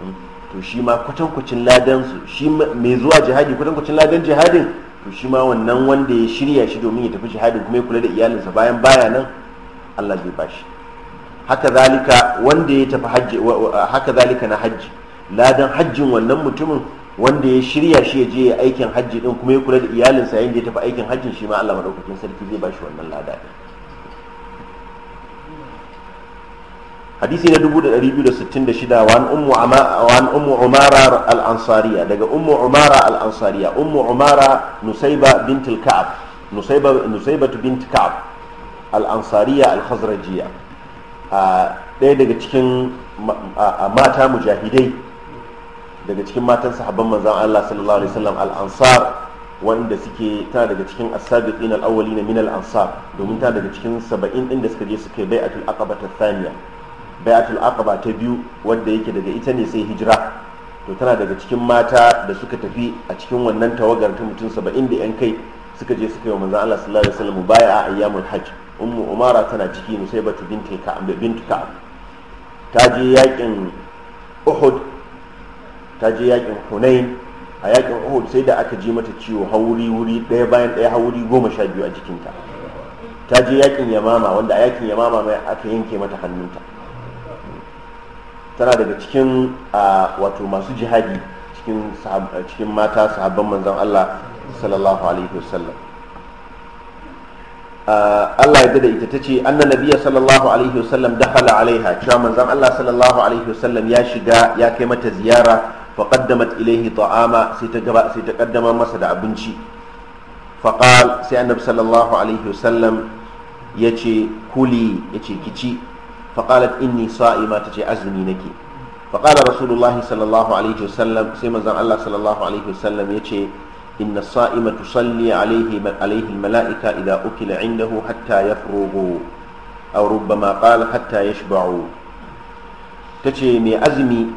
hmm? to shi ma kwatankwacin ladan su shi mai zuwa jihadi kwatankwacin ladan jihadin to shi ma wannan wanda ya shirya shi domin ya tafi jihadin kuma ya kula da iyalinsa bayan baya nan Allah zai bashi haka zalika wanda ya tafi haka zalika na hajji ladan hajjin wannan mutumin wanda ya shirya shi ya je ya aikin hajji din kuma ya kula da iyalinsa yayin da ya tafi aikin hajjin shi ma Allah madaukakin sarki zai ba shi wannan lada hadisi na 1266 wa ummu wa ummu umara al-ansariya daga ummu umara al-ansariya ummu umara nusayba bint al-ka'ab nusayba nusayba bint ka'ab al-ansariya al ah, ɗaya daga cikin ah, mata mujahidai daga cikin matan sahabban manzon Allah sallallahu alaihi wasallam al-ansar wanda suke ta daga cikin as-sabiqin al-awwalin min al-ansar domin ta daga cikin 70 din da suka je suka yi bai'atul aqaba ta thaniya bai'atul aqaba ta biyu wanda yake daga ita ne sai hijira to tana daga cikin mata da suka tafi a cikin wannan tawagar ta mutum 70 da yan kai suka je suka yi wa manzon Allah sallallahu alaihi wasallam bai'a ayyamul hajj ummu umara tana ciki musaibatu batu binti ka'ab bintu ka'ab ta je yakin uhud ta je yakin hunain a yakin uhud sai da aka ji mata ciwo hauri wuri ɗaya bayan ɗaya hauri goma sha biyu a jikinta ta je yakin yamama wanda a yakin yamama mai aka yanke mata hannunta tana daga cikin wato masu jihadi cikin mata sahabban manzon Allah sallallahu alaihi wasallam Allah ya da ita ta ce an nabiyya sallallahu alaihi wasallam dakhala alaiha cewa manzon Allah sallallahu alaihi wasallam ya shiga ya kai mata ziyara fa qaddamat ilayhi ta'ama sai ta gaba sai ta kaddama masa da abinci fa qal sai annabi sallallahu alaihi wasallam yace kuli yace kici fa inni sa'ima tace azumi nake fa qala rasulullahi sallallahu alaihi wasallam sai manzon Allah sallallahu alaihi wasallam yace inna sa'ima tusalli alaihi alaihi almala'ika idza ukila indahu hatta yafrugu aw rubbama qala hatta yashba'u ta ce mai azumi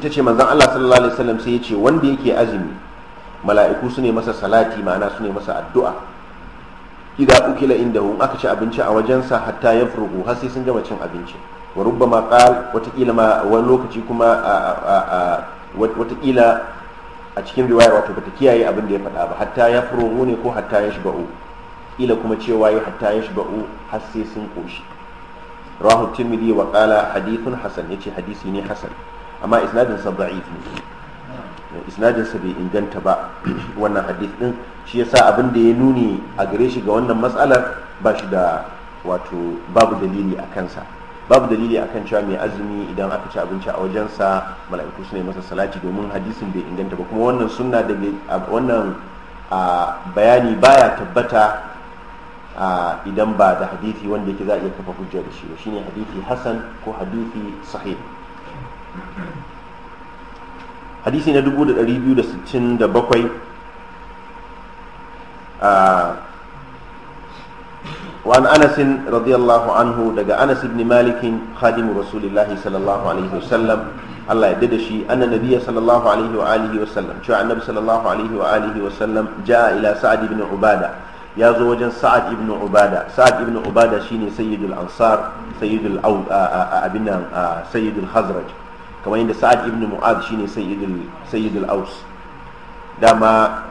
tace manzon Allah sallallahu alaihi wasallam sai ya ce wanda yake azumi mala'iku su ne masa salati ma'ana su ne masa addu'a idan ukila inda hun aka ci abinci a wajensa hatta ya furgu har sai sun gama cin abinci wa rubba ma qal watakila ma wani lokaci kuma watakila a cikin riwaya wato bata kiyaye abin da ya faɗa ba hatta ya furo ne ko hatta ya shiba'u ila kuma cewa ya hatta ya shiba'u har sai sun koshi rahu timidi wa kala hadithun ya ce hadisi ne hasan amma isnadin sa da'if ne eh, isnadin bai inganta ba wannan hadith din shi yasa abin da ya nuni a gare shi ga wannan matsalar ba shi da wato babu dalili a kansa babu dalili akan cewa mai azumi idan aka ci abinci a wajensa mala'iku su ne masa salati domin hadisin bai inganta ba kuma wannan sunna da wannan bayani baya tabbata idan ba da hadithi wanda yake za a iya kafa hujja da shi ba shine hadithi hasan ko hadithi sahih hadisi na 2267 وعن أنس رضي الله عنه دقى أنس بن مالك خادم رسول الله صلى الله عليه وسلم الله يددشي أن النبي صلى الله عليه وآله وسلم شو النبي صلى الله عليه وآله وسلم جاء إلى سعد بن عبادة ya zo wajen sa'ad ibn ubada sa'ad ibn ubada shine sayyidul ansar sayyidul abin sayyidul hazraj kamar yadda sa'ad ibn mu'ad shine sayyidul sayyidul aus dama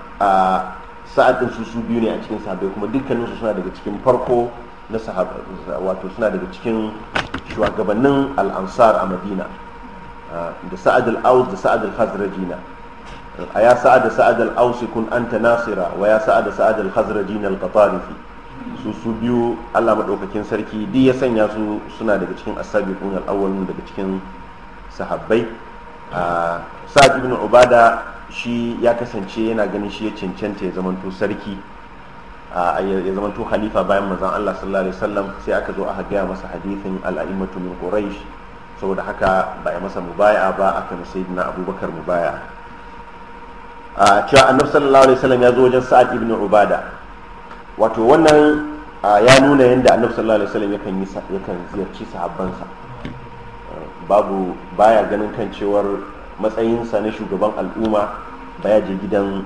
sa'ad din su biyu ne a cikin sahabbai kuma dukkanin su suna daga cikin farko na sahabbai wato suna daga cikin shugabannin al-ansar a madina da sa'ad al-aus da sa'ad al-hazrajina يا سعد سعد Nasira كن ya ناصرا ويا سعد سعد الخزرجين القطارفي su su biyu Allah maɗaukakin sarki di ya sanya su suna daga cikin asabiqun al-awwalun daga cikin sahabbai sa'ad ibn Obada shi ya kasance yana ganin shi ya cancanta ya zamanto sarki ya zamanto halifa bayan manzon Allah sallallahu alaihi wasallam sai aka zo a gaya masa hadithin al-a'immatu min quraish saboda haka ba ya masa mubaya ba aka na abubakar mubaya cewa annabi sallallahu alaihi wasallam ya zo wajen sa'ad ibn ubada wato wannan ya nuna yadda annabi sallallahu alaihi wasallam yakan yi yakan ziyarci sahabbansa babu baya ganin kan cewar matsayinsa na shugaban al'umma baya je gidan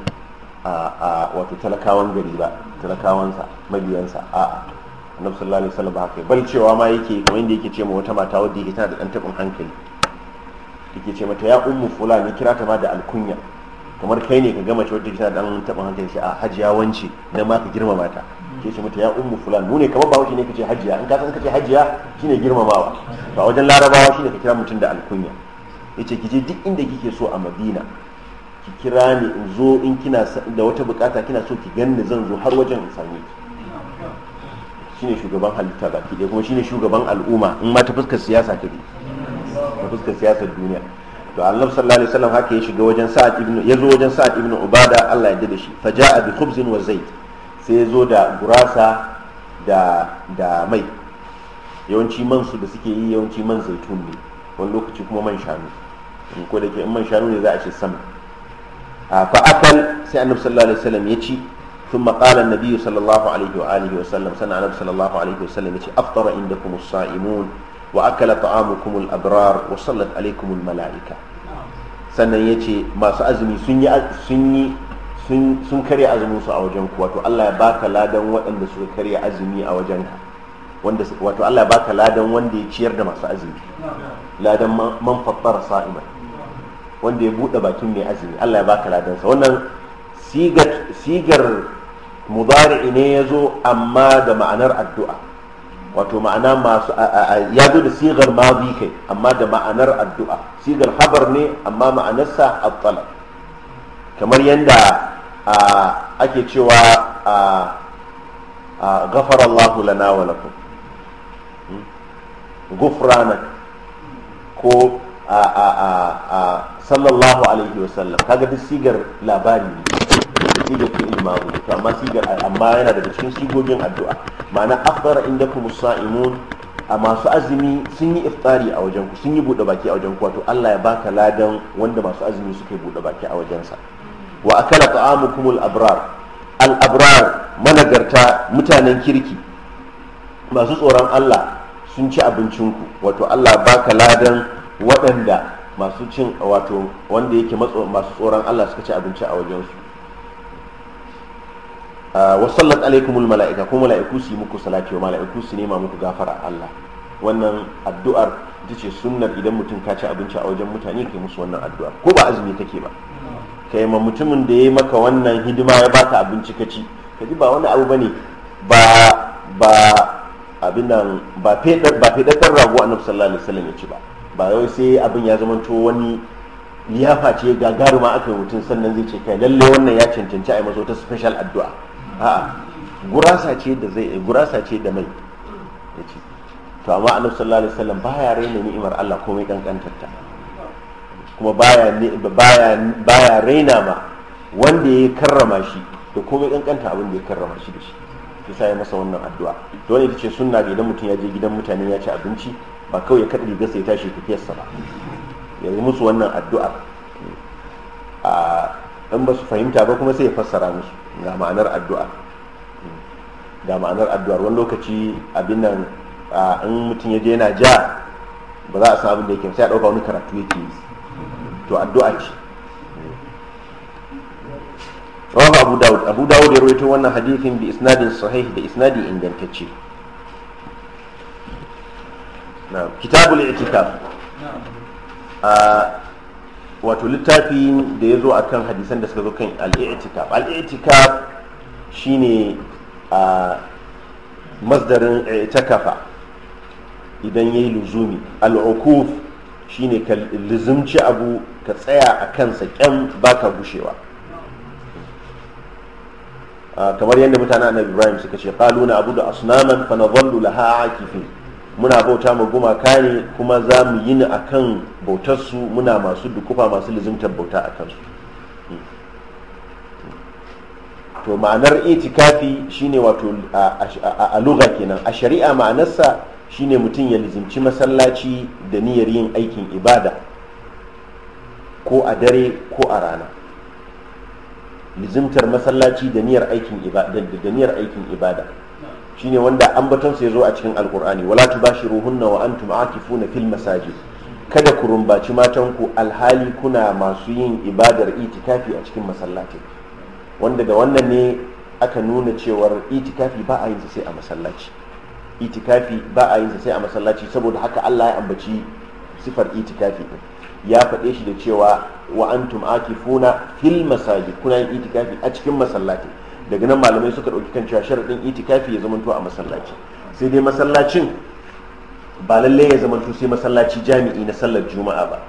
a wato talakawan gari ba talakawansa mabiyansa a annabi sallallahu alaihi wasallam haka bal cewa ma yake kamar yadda yake ce ma wata mata wadda yake tana da dan tabin hankali yake ce mata ya ummu fulani kira ta ma da alkunya kamar kai ne ka gama ce kisa da dan taɓa hankali shi a hajiya wanci na ma ka girmama ta ke ce mata ya ummu fulan mu ne kamar bawashi ne ka ce hajiya in ka san ka ce hajiya shine girmamawa to a wajen larabawa shine ka kira mutum da alkunya yace ki je duk inda kike so a madina ki kira ni in zo in kina da wata bukata kina so ki ganni zan zo har wajen in same ki shine shugaban halitta baki ɗaya kuma shine shugaban al'umma in ma ta fuskar siyasa ta fuskar siyasar duniya to annabi sallallahu alaihi wasallam haka ya shiga wajen sa'ad ya zo wajen sa'ad ibnu ubada Allah ya da shi fa ja'a bi khubzin wa zait sai ya zo da gurasa da da mai yawanci man su da suke yi yawanci man zaitun ne wani lokaci kuma man shanu ko da ke in man shanu ne za a ce sama a fa akal sai annabi sallallahu alaihi wasallam ya ci ثم قال النبي صلى الله عليه وآله وسلم سنة النبي صلى الله عليه وسلم أفطر عندكم الصائمون wa akala ta'amukum al-abrar wa sallat alaikum al-mala'ika sannan yace masu azumi sun yi sun yi sun karya azumin su a wajen ku wato Allah ya baka ladan waɗanda suka karya azumi a wajen ka wanda wato Allah ya baka ladan wanda ya ciyar da masu azumi ladan man fattara sa'iman wanda ya bude bakin mai azumi Allah ya baka ladan sa wannan sigar sigar mudari'i ne yazo amma da ma'anar addu'a wato ma'ana masu ya zo da sigar ma kai amma da ma'anar addu'a sigar habar ne amma ma'anarsa abtala kamar yadda ake cewa gafar Allahu lana wa lakum hmm? gufranak ko sallallahu alaihi wasallam kaga duk sigar labari ne sigar ke imamu to amma sigar amma yana daga cikin sigogin addu'a ma'ana afdara inda as-sa'imun a masu azumi sun yi iftari a wajen ku sun yi bude baki a wajen ku wato Allah ya baka ladan wanda masu azumi suka bude baki a wajensa wa akala ta'amukum al-abrar al-abrar managarta mutanen kirki masu tsoron Allah sun ci abincinku wato Allah baka ladan waɗanda masu cin wato wanda yake masu tsoron Allah suka ci abinci a wajensu Ah, wasallat sallat alaikumul mala'ika ko mala'iku su yi muku salati wa mala'iku su nema muku gafara Allah wannan addu'ar ita ce sunnar idan mutum ka ci abinci a wajen mutane kai musu wannan addu'ar ko ba azumi take ba kai ma mutumin da ya maka wannan hidima ya baka abinci ka ci ka ji ba wani abu bane ba ba abin ba fedar ba fedar rago annabi sallallahu alaihi wasallam ya ci ba ba wai sai abin ya zama to wani liyafa ce gagaruma aka yi mutum sannan zai ce kai lalle wannan ya cancanci a yi masa wata special addu'a a'a gurasa ce da zai gurasa ce da mai ce to amma annabi sallallahu alaihi wasallam baya raina ni'imar Allah komai kankantar ta kuma baya baya baya raina ma wanda ya karrama shi da komai kankanta abin da ya karrama shi da shi yasa ya masa wannan addu'a to wani ce sunna ga idan mutum ya je gidan mutane ya ci abinci ba kawai ya kada rigar sai ya tashi tafiyarsa ba ya yi musu wannan addu'ar a in ba su fahimta ba kuma sai ya fassara musu ga ma'anar addu'a ga ma'anar addu'ar wani lokaci abin nan in mutum ya je yana ja ba za a san abin da yake sai a ɗauka wani karatu yake yi to addu'a ce rawa abu dawud abu dawud ya rawaito wannan hadithin bi isnadin sahih da isnadi ingantacce na kitabul i'tikaf wato littafin da ya zo a kan hadisan da suka zo kan al'i'tikaf al'i'tikaf shine a masdarin i'takafa idan ya yi luzumi al'ukuf ne ka luzumci abu ka tsaya a kansa kyan baka gushewa kamar yadda mutanen annabi ibrahim suka ce na abu da asnaman fa na laha akifin muna bauta mu gumaka ne kuma za mu yi ni a kan bautarsu muna masu dukufa masu lizimtar bauta a kansu to ma'anar itikafi shine wato a lugha kenan a shari'a ma'anarsa shine mutum ya lizimci masallaci da niyyar yin aikin ibada ko a dare ko a rana lizimtar masallaci da niyyar aikin ibada shine wanda ambaton sai zo a cikin alkur'ani wala tubashiruhunna wa antum akifuna fil masajid kada ku rumbaci matan matanku alhali kuna masu yin ibadar itikafi a cikin masallaci wanda da wannan ne aka nuna cewar itikafi ba a yin sai a masallaci itikafi ba a yin sai a masallaci saboda haka Allah ya ambaci sifar itikafi ya faɗe shi da cewa wa antum akifuna fil masajid kuna yin itikafi a cikin masallaci daga nan malamai suka ɗauki kan cewa sharaɗin itikafi ya zamanto a masallaci sai dai masallacin ba lalle ya zamanto sai masallaci jami'i na sallar juma'a ba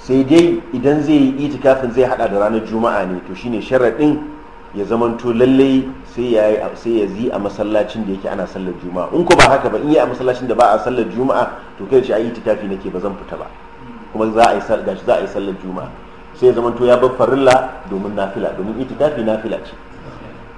sai dai idan zai yi itikafin zai hada da ranar juma'a ne to shine sharaɗin ya zamanto lalle sai ya sai ya zi a masallacin da yake ana sallar juma'a in ko ba haka ba in yi a masallacin da ba a sallar juma'a to kai shi a itikafi nake ba zan fita ba kuma za a yi gashi za a yi sallar juma'a sai ya zamanto ya bar farilla domin nafila domin itikafi nafila ce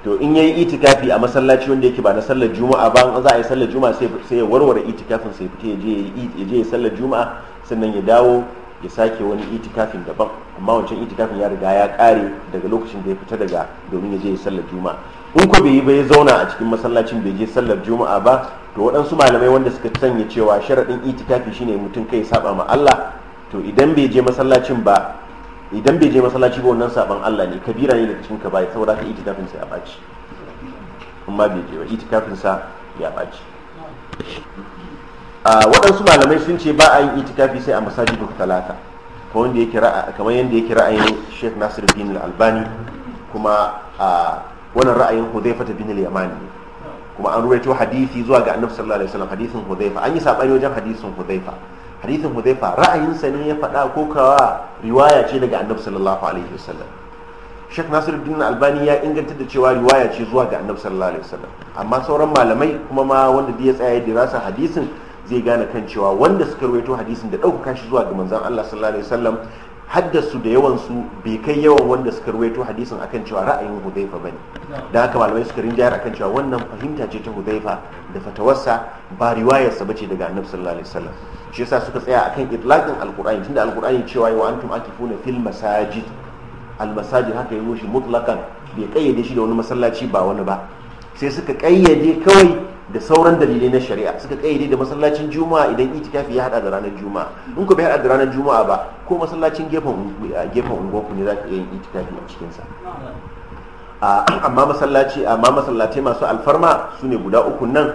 to in yayi itikafi a masallaci wanda yake ba na sallar juma'a ba an za a yi sallar juma'a sai ya warware itikafin sai fita ya je ya sallar juma'a sannan ya dawo ya sake wani itikafin daban amma wancan itikafin ya riga ya kare daga lokacin da ya fita daga domin ya je ya sallar juma'a in ko bai yi ba ya zauna a cikin masallacin bai je sallar juma'a ba to waɗansu malamai wanda suka sanya cewa sharaɗin itikafi shine mutum kai saba ma Allah to idan bai je masallacin ba idan bai je masallaci ba wannan sabon Allah ne kabira ne daga cikin bai saboda ka itikafin sai a baci amma bai je ba itikafin sa ya baci a waɗansu malamai sun ce ba a yin itikafi sai a masajidul talata ko wanda yake kamar yanda yake ra'ayin Sheikh Nasiruddin Al-Albani kuma a wannan ra'ayin Hudhayfa bin Al-Yamani kuma an ruwaito hadisi zuwa ga Annabi sallallahu alaihi wasallam hadisin Hudhayfa an yi sabani wajen hadisin Hudhayfa hadithin hudhaifa ra'ayinsa ne ya faɗa ko kawa riwaya ce daga annabi sallallahu alaihi wasallam Sheikh Nasiruddin Albani ya inganta da cewa riwaya ce zuwa ga Annabi sallallahu alaihi wasallam amma sauran malamai kuma ma wanda ya tsaya ya dirasa hadisin zai gane kan cewa wanda suka rawaito hadisin da ɗaukaka shi zuwa ga manzon Allah sallallahu alaihi wasallam haddasu da yawan su bai kai yawan wanda suka rawaito hadisin akan cewa ra'ayin ba ne dan haka malamai suka rinjayar akan cewa wannan fahimta ce ta Hudhaifa da fatawarsa ba riwayarsa bace daga Annabi sallallahu alaihi wasallam shi yasa suka tsaya akan idlaqin alqur'ani tunda alqur'ani cewa wa antum akifuna fil masajid al haka yayi shi mutlaqan bai kayyade shi da wani masallaci ba wani ba sai suka kayyade kawai da sauran dalilai na shari'a suka kayyade da masallacin juma'a idan itikafi ya hada da ranar juma'a in ku bai hada da ranar juma'a ba ko masallacin gefen gefen ku ne za ka iya itikafi a cikin sa amma masallaci amma masallatai masu alfarma su ne guda uku nan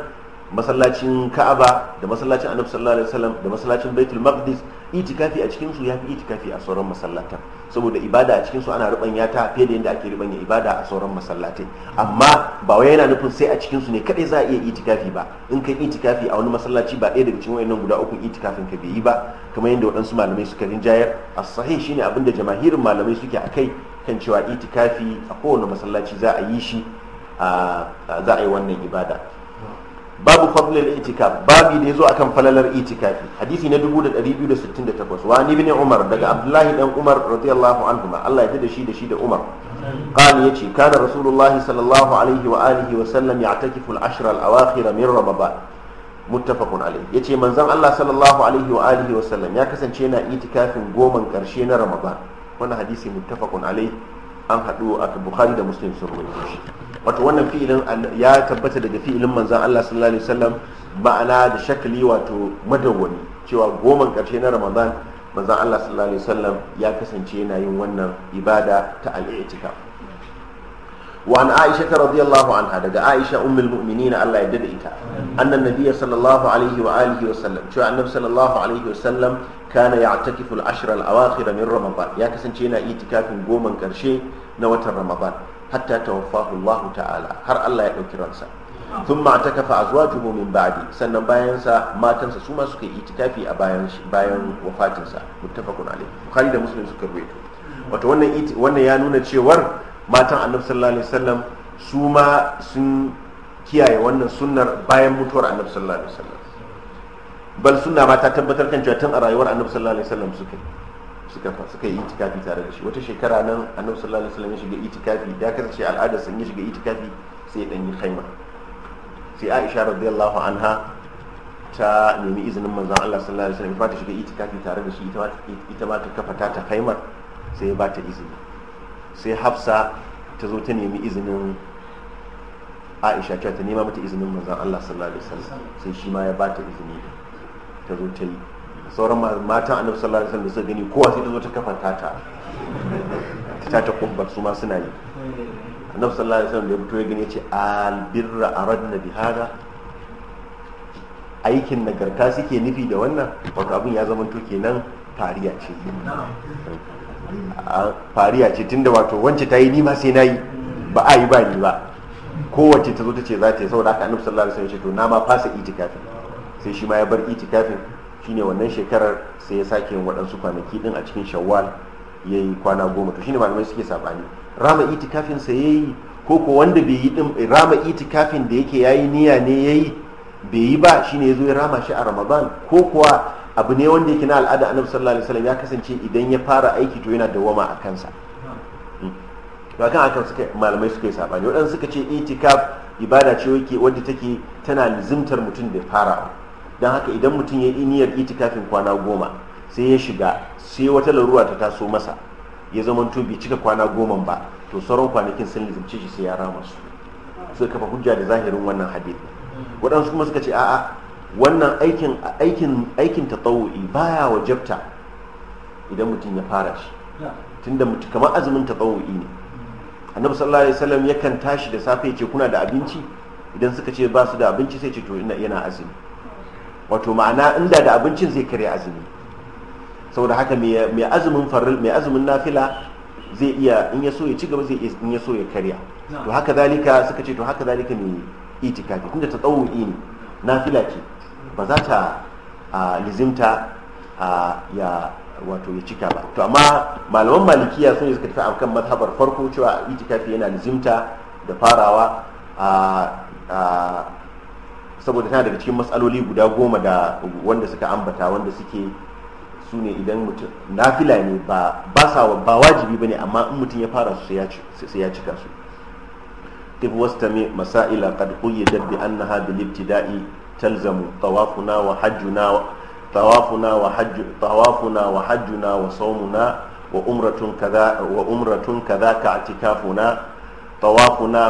masallacin ka'aba da masallacin annabi sallallahu alaihi wasallam da masallacin baitul maqdis itikafi a cikin su yafi itikafi a sauran masallatan saboda ibada a cikin su ana rubanya ta fiye da yadda ake rubanya ibada a sauran masallatai amma ba wai yana nufin sai a cikin su ne kadai za a iya itikafi ba in kai itikafi a wani masallaci ba ɗaya daga cikin wayannan guda uku itikafin ka bai yi ba kamar yadda waɗansu malamai suka jayar, a sahih shine abinda jamahirin malamai suke akai kan cewa itikafi a kowane masallaci za a yi shi za a yi wannan ibada babu fadlil itikaf babu da zo akan falalar itikafi hadisi na 2268 wa ibn umar daga abdullahi dan umar radiyallahu anhu ma Allah ya tada shi da shi da umar qali yace kana rasulullahi sallallahu alaihi wa alihi wa sallam ya'takifu al-ashra al-awakhir min ramadan muttafaqun alaihi yace manzon Allah sallallahu alaihi wa sallam ya kasance yana itikafin goman karshe na ramadan wannan hadisi muttafaqun alaihi an hadu a bukhari da muslim sun rubuta wato wannan fi'ilin ya tabbata daga fi'ilin manzan Allah sallallahu alaihi wasallam ma'ana da shakali wato madawwami cewa goman karshe na Ramadan manzan Allah sallallahu alaihi wasallam ya kasance yana yin wannan ibada ta al-i'tikaf wa an Aisha radiyallahu anha daga Aisha ummul mu'minin Allah ya dade ita annan nabiyyi sallallahu alaihi wa alihi wa sallam cewa annabi sallallahu alaihi wa sallam kana ya'takifu al-ashr al-awakhir min Ramadan ya kasance yana itikafin goman karshe na watan Ramadan hatta tawaffahu Allah ta'ala har Allah ya ɗauki ransa thumma atakafa azwajuhu min ba'di sannan bayan sa matansa su ma suka yi itikafi a bayan bayan wafatin sa muttafaqun alayh bukhari da muslim suka rubuta wato wannan wannan ya nuna cewar matan annabi sallallahu alaihi wasallam su ma sun kiyaye wannan sunnar bayan mutuwar annabi sallallahu alaihi wasallam bal sunna ma ta tabbatar kan cewa tun a rayuwar annabi suka suka yi itikafi tare da shi wata shekara nan annabi sallallahu alaihi wasallam ya shiga itikafi ya shi al'ada sun yi shiga itikafi sai dan yi khaima sai Aisha radiyallahu anha ta nemi izinin manzon Allah sallallahu alaihi wasallam ta shiga itikafi tare da shi ita ma ta kafa ta khaima sai ya bata izini sai Hafsa ta zo ta nemi izinin Aisha ta nema mata izinin manzon Allah sallallahu alaihi wasallam sai shi ma ya bata izini ta zo ta yi sauran matan annabi sallallahu alaihi wasallam da suka gani kowa sai ta zo ta kafa tata ta ta kubbar su ma suna yi annabi sallallahu alaihi wasallam da ya fito ya gani ya ce albirra aradna bi hada aikin nagarta suke nufi da wannan wato abin ya zama to kenan fariya ce fariya ce tunda wato wance ta yi ni ma sai na yi ba a yi ba ni ba kowace ta zo ta ce za ta yi saboda haka annabi sallallahu alaihi wasallam ya ce to na ma fasa itikafin sai shi ma ya bar itikafin shine wannan shekarar sai ya sake yin waɗansu kwanaki din a cikin shawwal ya yi kwana goma to shine malamai suke saɓani rama itikafin sa ya yi ko ko wanda bai yi din rama itikafin da yake yayi niyya ne ya yi bai yi ba shine ya zo ya rama shi a ramadan ko kuwa abu ne wanda yake na al'ada annabi sallallahu alaihi wasallam ya kasance idan ya fara aiki to yana dawama a kansa ba hmm. kan aka suka malamai suka yi sabani waɗansu suka ce itikaf ibada ce wanda take tana lizimtar mutum da fara don haka idan mutum ya yi niyyar itikafin kwana goma sai ya shiga sai wata larura ta taso masa ya zama to bai cika kwana goma ba to sauran kwanakin sun lizimce shi sai ya rama su suka kafa hujja da zahirin wannan hadith waɗansu kuma suka ce a'a wannan aikin aikin aikin tsawo'i baya wajabta idan mutum ya fara shi tunda mutum kamar azumin ta tsawo'i ne annabi sallallahu alaihi wasallam yakan tashi da safe ya ce kuna da abinci idan suka ce ba su da abinci sai ce to ina yana azumi wato ma'ana inda da abincin zai kare azumi saboda haka mai azumin farin, mai azumin nafila zai iya in ya so ya ci gaba zai in ya so ya karya to haka zalika suka ce to haka zalika mai itikafi tunda ta tsawon ne, nafila ce ba za ta lizimta ya wato ya cika ba to amma malaman malikiya sun yi suka tafi akan mazhabar farko cewa itikafi yana lizimta da farawa saboda tana daga cikin matsaloli guda goma da wanda suka ambata wanda suke su ne idan mutum nafila ne ba wajibi wajibi ba ne amma in mutum ya fara su sai ya cika su wasu tami masaila qad quyyidat bi annaha bil ibtida'i talzamu tawafuna wa hajjuna tawafuna wa wa hajjuna wa saumuna wa umratun kaza wa umratun kaza ka طوافنا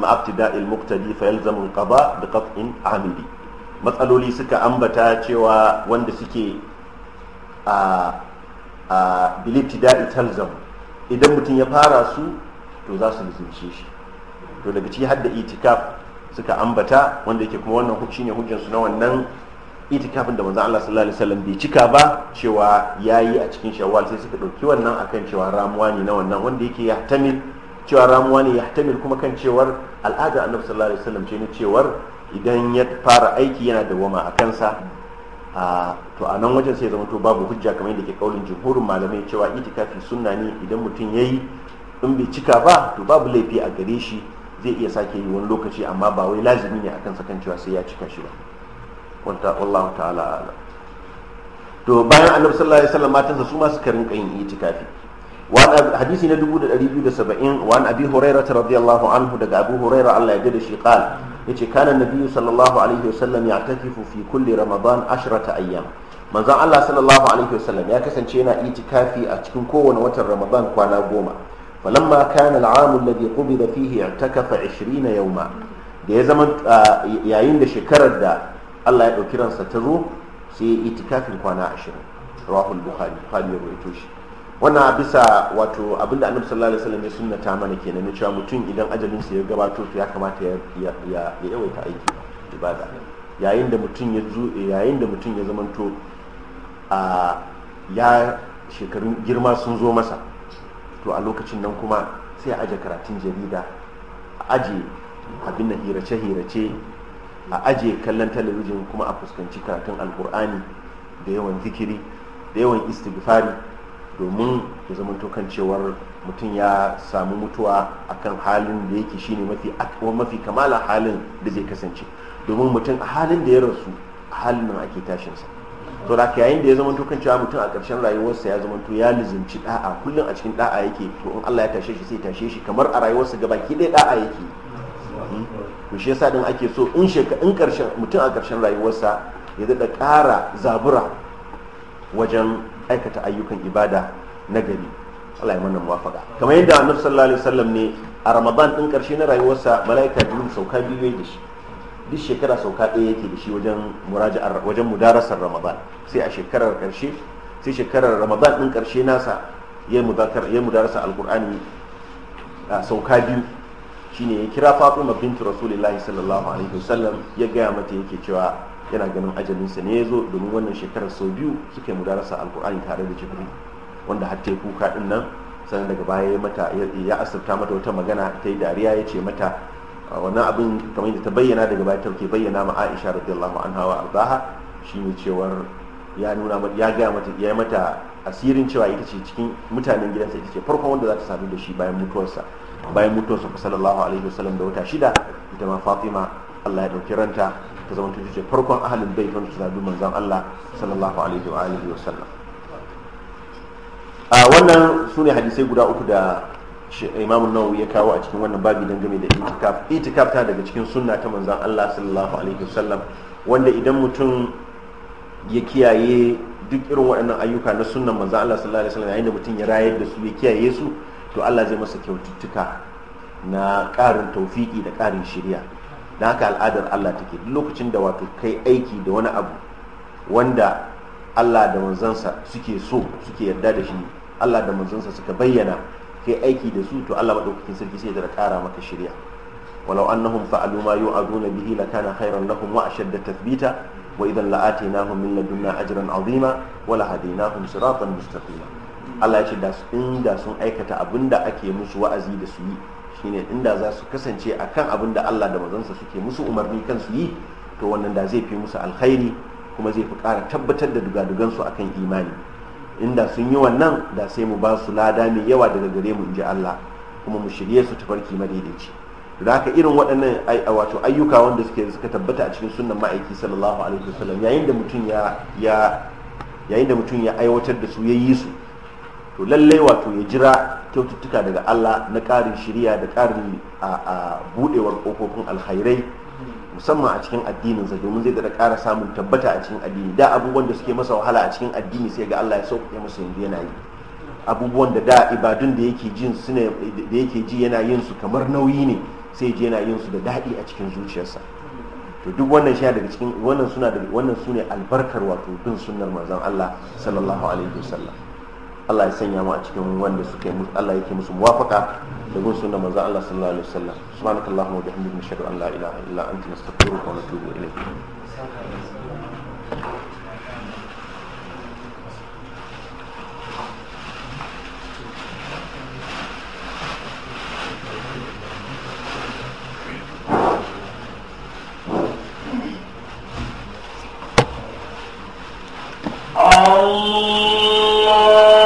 مع ابتداء المقتدي فيلزم القضاء بقطع عامدي matsaloli suka ambata cewa wanda suke a a bilibtida'i talzam idan mutum ya fara su to za su lizince shi to daga ciki har da itikaf suka ambata wanda yake kuma wannan hukci ne hujjansu na wannan itikafin da manzon Allah sallallahu alaihi wasallam bai cika ba cewa yayi a cikin shawwal sai suka dauki wannan akan cewa ramuwa ne na wannan wanda yake ya tamil cewa ramuwa ne ya tamil kuma kan cewar al'adar annabi sallallahu alaihi wasallam ce ne cewar idan ya fara aiki yana da wama a kansa to a nan wajen sai zama to babu hujja kamar yadda ke kaulin jumhurin malamai cewa itikafi sunna ne idan mutum yayi in bai cika ba to babu laifi a gare shi zai iya sake yi wani lokaci amma ba wai lazimi ne a kansa kan cewa sai ya cika shi ba wanta wallahu ta'ala to bayan annabi sallallahu alaihi wasallam matansa su ma suka rinka yin itikafi وعن حديث ندبو الذي يود سبعين وعن أبي هريرة رضي الله عنه دق أبو هريرة الله يجد شي قال يتي كان النبي صلى الله عليه وسلم يعتكف في كل رمضان عشرة أيام من زعل الله صلى الله عليه وسلم يا كسن شينا إيتكافي أتكن كون وتر رمضان كوانا قوما فلما كان العام الذي قبض فيه اعتكف عشرين يوما da ya zama yayin da shekarar da Allah ya ɗauki ransa ta zo sai ya itikafin kwana ashirin rahul bukhari bukhari ya rawaito shi wannan bisa wato abinda annabi sallallahu alaihi wasallam ya sunnata mana kenan na cewa mutum idan ajalin sa ya gabato to ya kamata ya ya yawaita aiki ibada yayin da mutum ya zo yayin da mutum ya zamanto a ya shekarun girma sun zo masa to a lokacin nan kuma sai a aje karatun jarida a aje abin nan hirace-hirace a aje kallon talabijin kuma a fuskanci karatun alkur'ani da yawan zikiri da yawan istighfari domin ya zama kan cewar mutum ya samu mutuwa akan halin da yake shine mafi mafi kamala halin da zai kasance domin mutum a halin da ya rasu a halin nan ake tashinsa to da yayin da ya zamanto kan cewa mutum a ƙarshen rayuwarsa ya zamanto ya lizinci da'a kullum a cikin da'a yake to in Allah ya tashe shi sai tashe shi kamar a rayuwarsa gabaki ɗaya da'a yake hmm? to shi yasa din ake so in sheka in ƙarshen mutum a ƙarshen rayuwarsa ya daɗa ƙara zabura wajen aikata ayyukan ibada na gari Allah ya mana muwafaka kamar yadda annabi sallallahu alaihi wasallam ne a ramadan din karshe na rayuwarsa malaika jibril sauka biyu da shi duk shekara sauka ɗaya yake da shi wajen muraja'ar wajen mudarasar ramadan sai a shekarar karshe sai shekarar ramadan din karshe nasa ya mudakar yayin mudarasar alqur'ani sauka biyu shine ya kira fatima bint Rasulullahi sallallahu alaihi wasallam ya gaya mata yake cewa yana ganin ajalinsa ne ya zo domin wannan shekarar sau biyu suka yi mudarasa alkur'ani tare da jibril wanda har kuka din nan sannan daga baya ya mata ya asirta mata wata magana ta yi dariya ya ce mata wannan abin kamar yadda ta bayyana daga baya ta ke bayyana ma aisha radiyallahu anha wa shi ne cewar ya nuna ya gaya mata ya mata asirin cewa ita ce cikin mutanen gidansa ita ce farkon wanda za ta sadu da shi bayan mutuwarsa bayan mutuwarsa sallallahu alaihi wasallam da wata shida ita ma fatima Allah ya dauki ranta ta zama ta ce farkon ahalin bai wanda ta zabi Manzan Allah sallallahu alaihi wa alihi wa sallam a wannan sune hadisai guda uku da Imam Nawawi ya kawo a cikin wannan babi dangane da itikaf itikaf ta daga cikin sunna ta Manzan Allah sallallahu alaihi wa sallam wanda idan mutum ya kiyaye duk irin waɗannan ayyuka na sunnan Manzan Allah sallallahu alaihi wa sallam yayin da mutum ya rayar da su ya kiyaye su to Allah zai masa kyaututtuka na ƙarin taufiki da ƙarin shirya da haka al'adar Allah take duk lokacin da wato kai aiki da wani abu wanda Allah da manzansa suke so suke yarda da shi Allah da manzansa suka bayyana kai aiki da su to Allah madaukakin sarki sai ya kara maka shirya walau annahum fa'alu ma yu'aduna bihi lakana khairan lahum wa ashadda tathbita wa idan la'atainahum min ladunna ajran azima wa lahadainahum siratan mustaqima Allah ya ce da sun aikata abinda ake musu wa'azi da su yi shine inda za su kasance a kan abin da Allah da manzansa suke musu umarni kan su yi to wannan da zai fi musu alkhairi kuma zai fi ƙara tabbatar da dugadugansu kan imani inda sun yi wannan da sai mu ba su lada mai yawa daga gare mu inji Allah kuma mu shirye su tafarki madaidaici da haka irin waɗannan wato ayyuka wanda suke suka tabbata a cikin sunan ma'aiki sallallahu alaihi wasallam yayin da mutum ya yayin da mutum ya aiwatar da su ya yi su to lallai wato ya jira kyaututtuka daga Allah na ƙarin shirya da ƙarin a buɗewar ƙofofin alkhairai musamman a cikin addininsa domin zai daɗa ƙara samun tabbata a cikin addini da abubuwan da suke masa wahala a cikin addini sai ga Allah ya sauƙaƙe masa yanzu yana yi abubuwan da da ibadun da yake jin ji yana yin su kamar nauyi ne sai ji yana yin su da daɗi a cikin zuciyarsa to duk wannan shi daga cikin wannan suna daga wannan sune albarkar wato bin sunnar manzon Allah sallallahu alaihi wasallam Allah ya sanya mu a cikin wanda suke Allah yake musu muwafaqa da gun sunnar manzon Allah sallallahu alaihi wasallam subhanakallahumma wa bihamdika nashhadu an la ilaha illa anta nastaghfiruka wa natubu ilayk Allah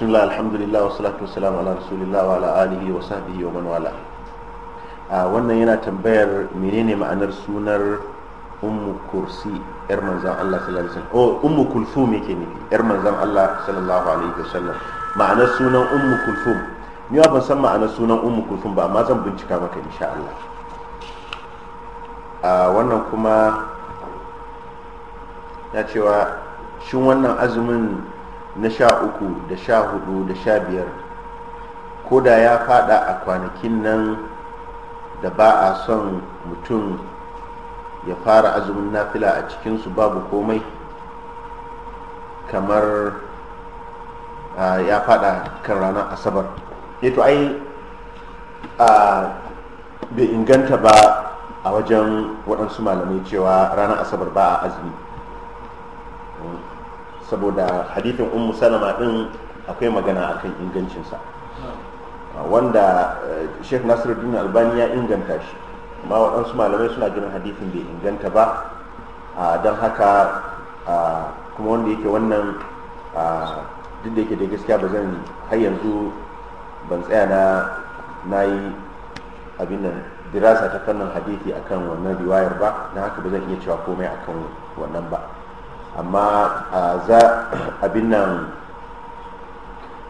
bismillah بسم الله الحمد ala rasulillah wa ala alihi wa sahbihi wa man wala a wannan yana tambayar menene ma'anar sunar ummu kursi yar manzan Allah sallallahu alaihi wasallam oh ummu kulthum yake ne yar manzan Allah sallallahu alaihi wasallam ma'anar sunan ummu kulthum ni ba san ma'anar sunan ummu kulthum ba amma zan bincika maka insha Allah a wannan kuma ya cewa shin wannan azumin na sha uku da sha hudu da sha biyar ko da ya fada a kwanakin nan da ba a son mutum ya fara azumin nafila a cikinsu babu komai kamar ya fada kan ranar asabar e to ai bai inganta ba a wajen waɗansu malamai cewa ranar asabar ba a azumi saboda hadithin ummu salama din akwai magana akan ingancinsa wanda eh, sheikh nasiruddin albani ya inganta shi amma waɗansu malamai suna ganin hadithin bai inganta ba don haka kuma wanda yake wannan duk da yake da gaskiya ba zan har yanzu ban tsaya na na yi abin nan dirasa ta fannin hadithi akan wannan riwayar ba na haka ba zan iya cewa komai akan wannan ba amma za abin nan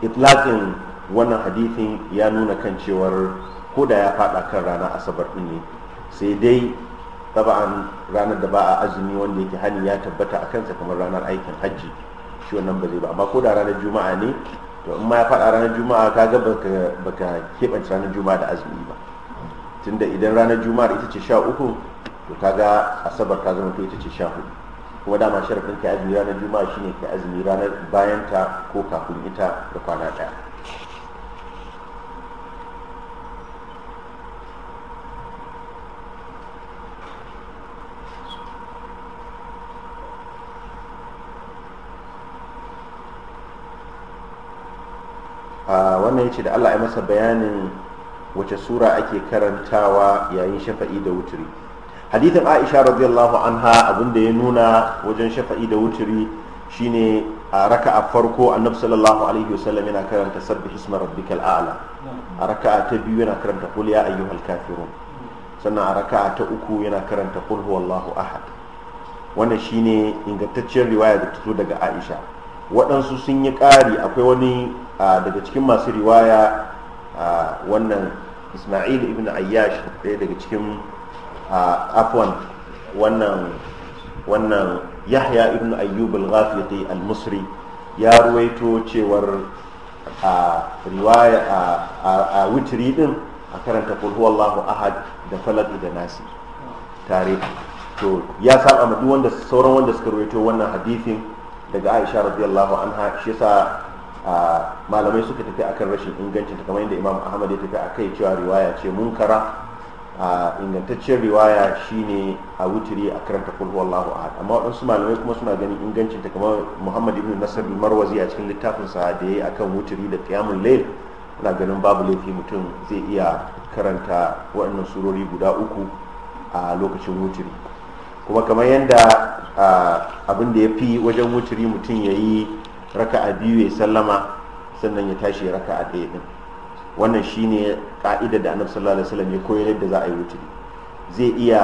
itlaƙin wannan hadithin ya nuna kan cewar ko da ya fada kan rana asabar ɗin ne sai dai taba'an ranar da ba a azumi wanda yake hani ya tabbata a kansa kamar ranar aikin hajji shi wannan ba zai ba amma ko da ranar juma'a ne to in ma ya fada ranar juma'a ka ga baka keɓance ranar juma'a da azumi ba tunda idan ranar juma'a ita ce sha uku to kaga asabar ka zama to ita ce sha hudu kuma dama sharafin ka azumi ranar juma'a shine ka azumi ranar bayan ta ko kafin ita da kwana ɗaya wannan yace da allah ya masa bayanin wace sura ake karantawa yayin shafa'i da wuturi hadithin aisha radiyallahu anha abinda ya nuna wajen shafa'i da wuturi shine a raka'a farko annabi sallallahu alaihi wasallam yana karanta sabbi hisma rabbikal a'la a raka'a ta biyu yana karanta qul ya ayyuhal kafirun sannan a raka'a ta uku yana karanta qul huwallahu ahad wannan shine ingantacciyar riwaya da ta daga aisha waɗansu sun yi ƙari akwai wani daga cikin masu riwaya wannan isma'il ibn ayyash ɗaya daga cikin afwan wannan wannan yahya ibn ayyub al-ghafiqi al-musri ya ruwaito cewar a riwaya a witri din a karanta kul huwallahu ahad da falaq da nasi tare to ya saba ma wanda sauran wanda suka ruwaito wannan hadisin daga Aisha radiyallahu anha shi sa malamai suka tafi akan rashin ingancin ta kamar yadda Imam Ahmad ya tafi akai cewa riwaya ce munkara a ingantaccen riwaya shine a wutiri a karanta kulhu wallahu ahad amma waɗansu malamai kuma suna ganin ingancinta kamar muhammad ibn nasar marwazi a cikin littafinsa da ya yi akan wutiri da qiyamul layl ana ganin babu laifi mutum zai iya karanta waɗannan surori guda uku a lokacin wuturi kuma kamar yadda abin da ya fi wajen wuturi mutum ya yi raka'a biyu ya sallama sannan ya tashi raka'a ɗaya ɗin wannan shine ka'ida da annabi sallallahu alaihi wasallam ya koyar yadda za a yi wuturi zai iya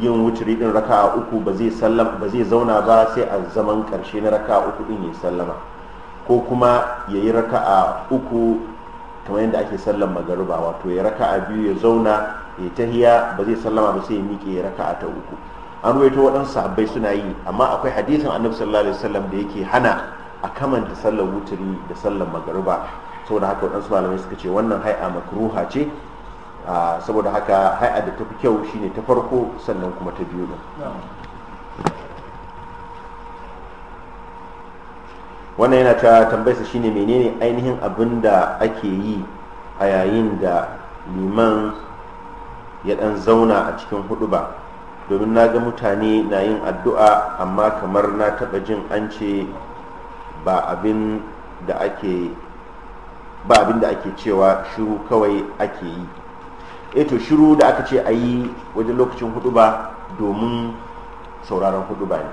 yin wuturi din raka'a uku ba zai sallama ba zai zauna ba sai a zaman karshe na raka'a uku din ya sallama ko kuma ya yi raka'a uku kamar yadda ake sallan magariba wato ya raka'a biyu ya zauna ya tahiya ba zai sallama ba sai ya miƙe ya raka'a ta uku an ruwaito waɗansu sahabbai suna yi amma akwai hadisin annabi sallallahu alaihi wasallam da yake hana a kamanta sallar wuturi da sallar magariba saboda haka waɗansu malamai suka ce wannan hai'a makruha ce saboda haka hai'a da ta fi kyau shine ta farko sannan kuma ta biyu din wannan yana ta tambayarsa shine menene ainihin abin da ake yi a yayin da liman ya ɗan zauna a cikin hudu ba domin na ga mutane na yin addu'a amma kamar na taɓa jin an ce ba abin da ake ba abin da ake cewa shiru kawai ake yi e to shiru da aka ce a yi wajen lokacin hudu ba domin sauraron hudu ba ne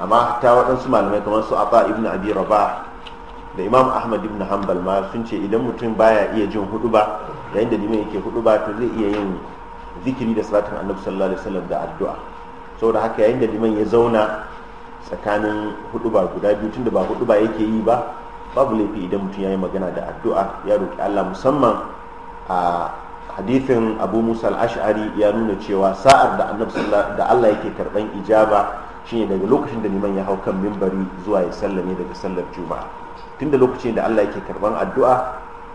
amma ta waɗansu malamai kamar su Aba ibn abi raba da imam ahmad ibn hanbal ma sun ce idan mutum baya iya jin hudu ba yayin da liman yake hudu ba to zai iya yin zikiri da salatin annabi sallallahu alaihi wasallam da addu'a saboda haka yayin da liman ya zauna tsakanin hudu ba guda biyu tunda ba hudu ba yake yi ba babu laifi idan mutum ya yi magana da addu'a ya roƙi Allah musamman a hadithin abu musa al-ash'ari ya nuna cewa sa'ar da annabi da Allah yake karban ijaba shine daga lokacin da liman ya hau kan mimbari zuwa ya sallame daga sallar juma'a tunda lokacin da Allah yake karɓan addu'a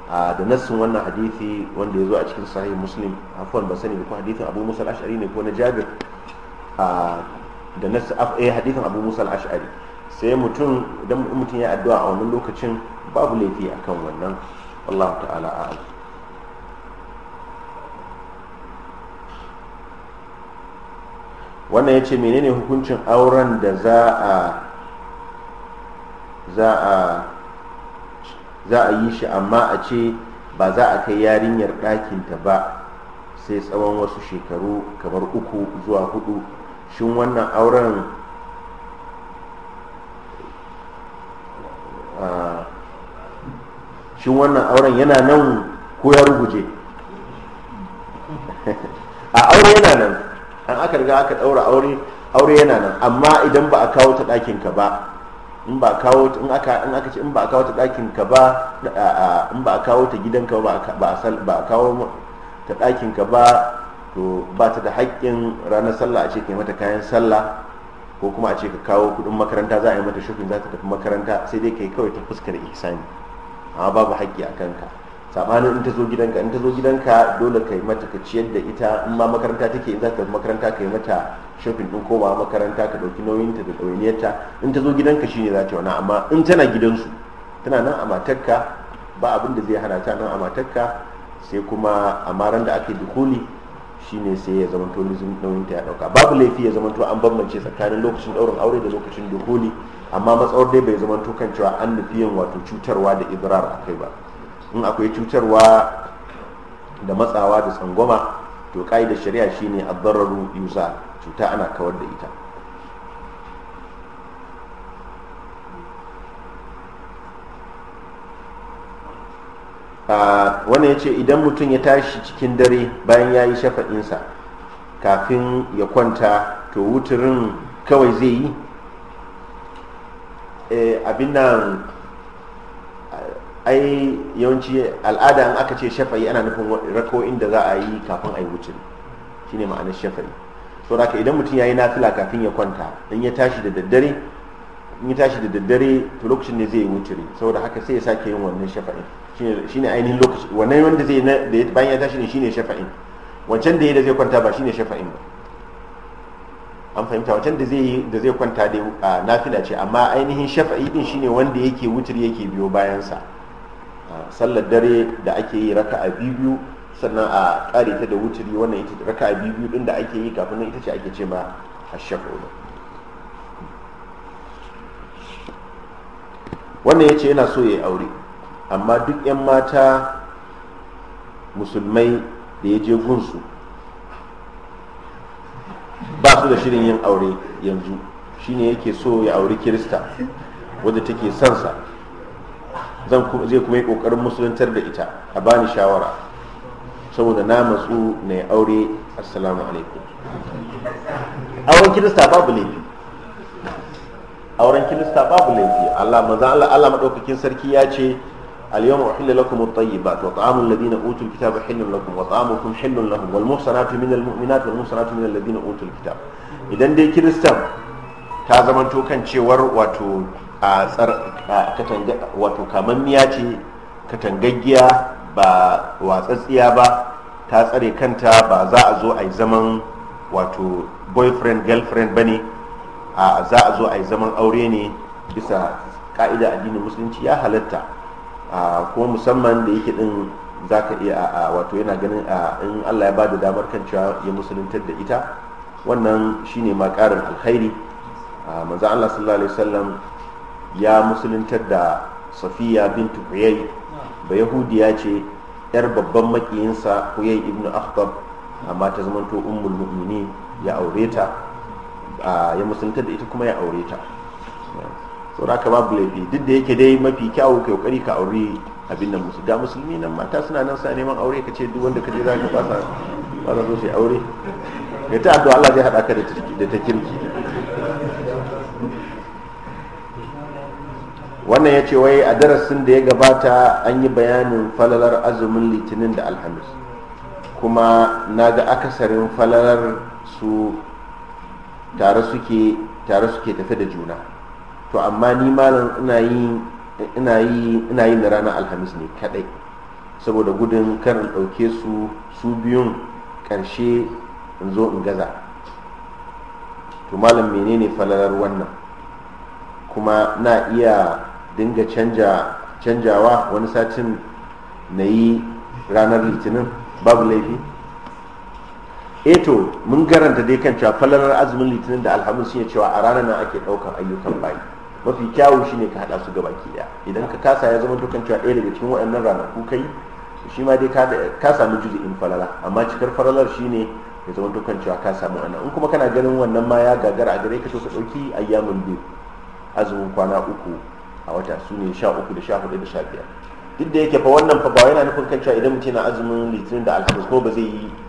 da nassin wannan hadithi wanda ya zo a cikin sahih muslim afwan ba sani ko hadithin abu musa al-ash'ari ne ko na jabir da nassin eh, hadithin abu musa al-ash'ari sai mutum idan mutum ya addu'a a wannan lokacin babu laifi a kan wannan Allah ta'ala wannan ya ce menene hukuncin auren da za a za a za a yi shi amma a ce ba za a kai yarinyar ɗakinta ba sai tsawon wasu shekaru kamar uku zuwa hudu shin wannan auren shi wannan auren yana nan ko ya ruguje a aure yana nan an aka riga aka daura aure aure yana nan amma idan ba a kawo ta dakin ka ba in ba kawo in aka in aka ce in ba kawo ta dakin ka ba in ba kawo ta gidan ka ba ba ba kawo ta dakin ka ba to ba ta da haƙƙin ranar sallah a ce kai mata kayan sallah ko kuma a ce ka kawo kudin makaranta za a yi mata shopping za ta tafi makaranta sai dai kai kawai ta fuskar ihsani amma babu haƙƙi a kanka sabanin in ta zo gidanka in ta zo gidanka dole ka yi mata ka ciyar da ita in ma makaranta take in za ta tafi makaranta ka yi mata shopping din koma makaranta ka dauki ta da ɗawainiyarta in ta zo gidanka shine za ta wani amma in tana gidansu tana nan a matarka ba abin da zai hana ta nan a matarka sai kuma a maran da aka yi dukuli shine sai ya zama tolizm nauyin ta ya ɗauka babu laifi ya zama to an bambance tsakanin lokacin daurin aure da lokacin dokoli amma matsawar dai bai zama to kan cewa an nufi yin wato cutarwa da ibrar akai ba in akwai cutarwa da matsawa da tsangwama to ka'idar shari'a shine ad-dararu yusa cuta ana kawar da ita wannan ya ce idan mutum ya tashi cikin dare bayan ya yi shafa'insa kafin ya kwanta to wuturin kawai zai yi eh, abin nan ai yawanci al'ada in aka ce shafa'i ana nufin rako'in da za a yi kafin a yi wucin shine ma'anar shafa'i so da idan mutum ya yi nafila kafin ya kwanta in ya tashi da daddare in ya tashi da daddare to lokacin ne zai yi wuturi saboda haka sai ya sake yin wannan shafa'in shine ainihin lokaci wannan wanda zai da bayan ya tashi ne shine shafa'in wancan da ya da zai kwanta ba shine shafa'in ba an fahimta wancan da zai da zai kwanta dai a nafila ce amma ainihin shafa'i din shine wanda yake wuturi yake biyo bayan sa sallar dare da ake yi raka'a biyu sannan a kare ta da wuturi wannan ita raka'a biyu din da ake yi kafin nan ita ce ake ce ma ashafu wannan ya ce yana so ya yi aure amma duk 'yan mata musulmai da ya je gunsu ba su da shirin yin aure yanzu shine yake so ya auri kirista wadda take sansa zai kuma yi kokarin musuluntar da ita a bani shawara saboda na matsu na aure assalamu alaikum auren kirista babu laifi auren kilista babu laifi Allah manzo Allah Allah madaukakin sarki ya ce اليوم أحل لكم الطيبات وطعام الذين أوتوا الكتاب حل لكم وطعامكم حل لهم والمحصنات من المؤمنات والمحصنات من الذين أوتوا الكتاب idan dai Kirista ta zamanto kan cewar wato a wato kamammiya ce katangaggiya ba watsatsiya ba ta tsare kanta ba za a zo a yi zaman wato boyfriend girlfriend ba a za a zo a yi zaman aure ne bisa ka'ida addinin musulunci ya halatta ko musamman da yake din za ka iya wato yana ganin a in allah ya ba da damar kan cewa ya musuluntar da ita wannan shine ma karin alkhairi manzo allah sallallahu alaihi wasallam ya musuluntar da safiya bintu huyai ba yahudiya ce yar babban makiyinsa huyai ibnu akhtab amma ta zamanto ummul mu'minin ya aure ta ya musulunta da ita kuma ya aure ta saboda ka babu laifi duk da yake dai mafi kyawu ka kokari ka aure abin nan musu ga musulmi nan mata suna nan sa neman aure ka ce duk wanda ka je za ka fasa ba za so sai aure ya ta addu'a Allah zai hada ka da ta kirki wannan ya ce wai a darasin da ya gabata an yi bayanin falalar azumin litinin da alhamis kuma na ga akasarin falalar su tare suke tare suke tafi da juna to amma ni malam ina yi ina yi ina yi na ranar alhamis ne kadai saboda gudun kar ɗauke su su biyun ƙarshe in zo in gaza to malam menene falalar wannan kuma na iya dinga canja canjawa wani satin na yi ranar litinin babu laifi eto eh to mun garanta dai kan cewa falalar azumin litinin da alhamis shine cewa a ranar nan ake daukar ayyukan bayi mafi kyawu shine ka hada su gabaki daya idan ka kasa ya zama dukan cewa ɗaya daga cikin waɗannan ranaku kai shi ma dai ka samu juzu'in falala amma cikar falalar shine ya zama dukan cewa ka samu wannan in kuma kana ganin wannan ma ya gagara a gare ka to ka dauki ayyamin biyu azumin kwana uku a wata su ne sha uku da sha hudu da sha biyar duk da yake fa wannan fa ba yana nufin kan cewa idan mutum yana azumin litinin da alhamis ko ba zai yi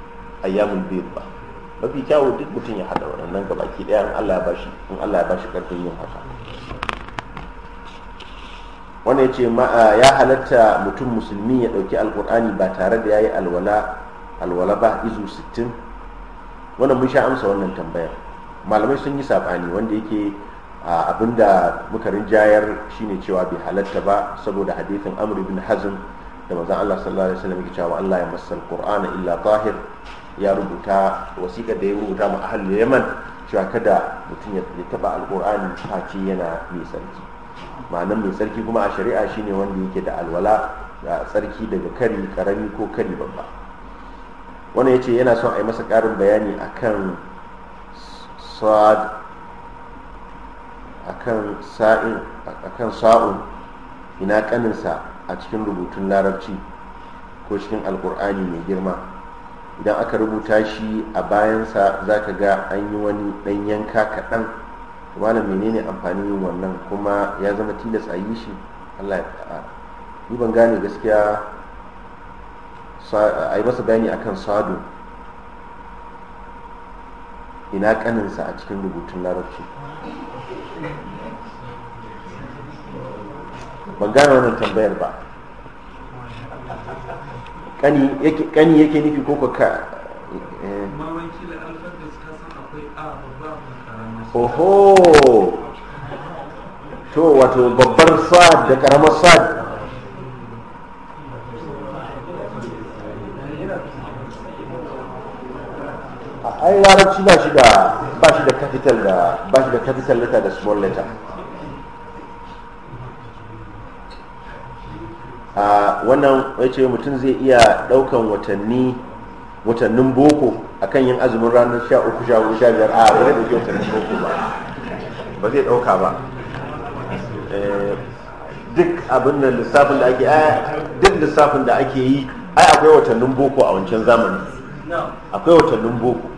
ayyamul bayt ba mafi kyawu duk mutum ya hada waɗannan gabaki daya in Allah ya bashi in Allah ya bashi karfin yin haka Wani ya ce ya halatta mutum musulmi ya ɗauki alkur'ani ba tare da ya yi alwala ba izu 60 wannan mun sha amsa wannan tambayar malamai sun yi saɓani wanda yake abinda muka rinjayar shine cewa bai halatta ba saboda hadithin amr bin hazm da manzon Allah sallallahu alaihi wasallam yake cewa Allah ya masal qur'ana illa tahir ya rubuta wasiƙar da ya rubuta ma ahalul yaman cewa kada mutum ya taba alƙur'ani face yana mai tsarki ma'anan mai tsarki kuma a shari'a shine wanda yake da alwala da tsarki daga kari karami ko kari babba ya ce yana son a yi masa ƙarin bayani akan kan sa'un ina kaninsa a cikin rubutun larabci ko cikin alƙur'ani mai girma idan aka rubuta shi a bayansa za ka ga an yi wani ɗan yanka kaɗan malam menene amfanin yin wannan kuma ya zama tilas a yi shi allah ya ni ban gane gaskiya a yi masa bayani akan sado ina kaninsa a cikin rubutun larabci ban gane wannan tambayar ba kani yake nufi ko ka eh. ka oho to wato babbar sa'ad da karamar sa'ad yi larabci da ba shi da capital letter da small letter wannan ya ce mutum zai iya ɗaukan watanni watannin boko akan yin azumin ranar sha uku sha hudu sha biyar a ba da ke watannin boko ba ba zai ɗauka ba eh, duk abin da lissafin da ake eh, duk lissafin da ake yi ai akwai watannin boko a wancan zamani akwai watannin boko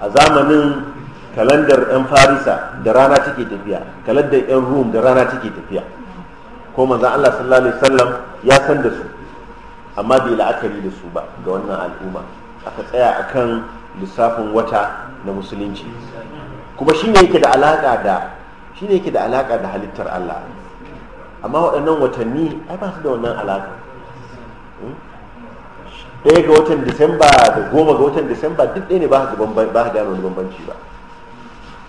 a zamanin kalandar 'yan farisa da rana take tafiya kalandar 'yan rum da rana take tafiya ko manzan Allah sallallahu alaihi wasallam ya san da su amma bai la'akari da su ba ga wannan al'umma aka tsaya akan lissafin wata na musulunci kuma shine yake da alaka da shine yake da alaka da halittar Allah amma waɗannan watanni ai ba su da wannan alaka hmm? ɗaya ga watan disamba da goma ga watan disamba duk ɗaya ne ba su gano wani bambanci ba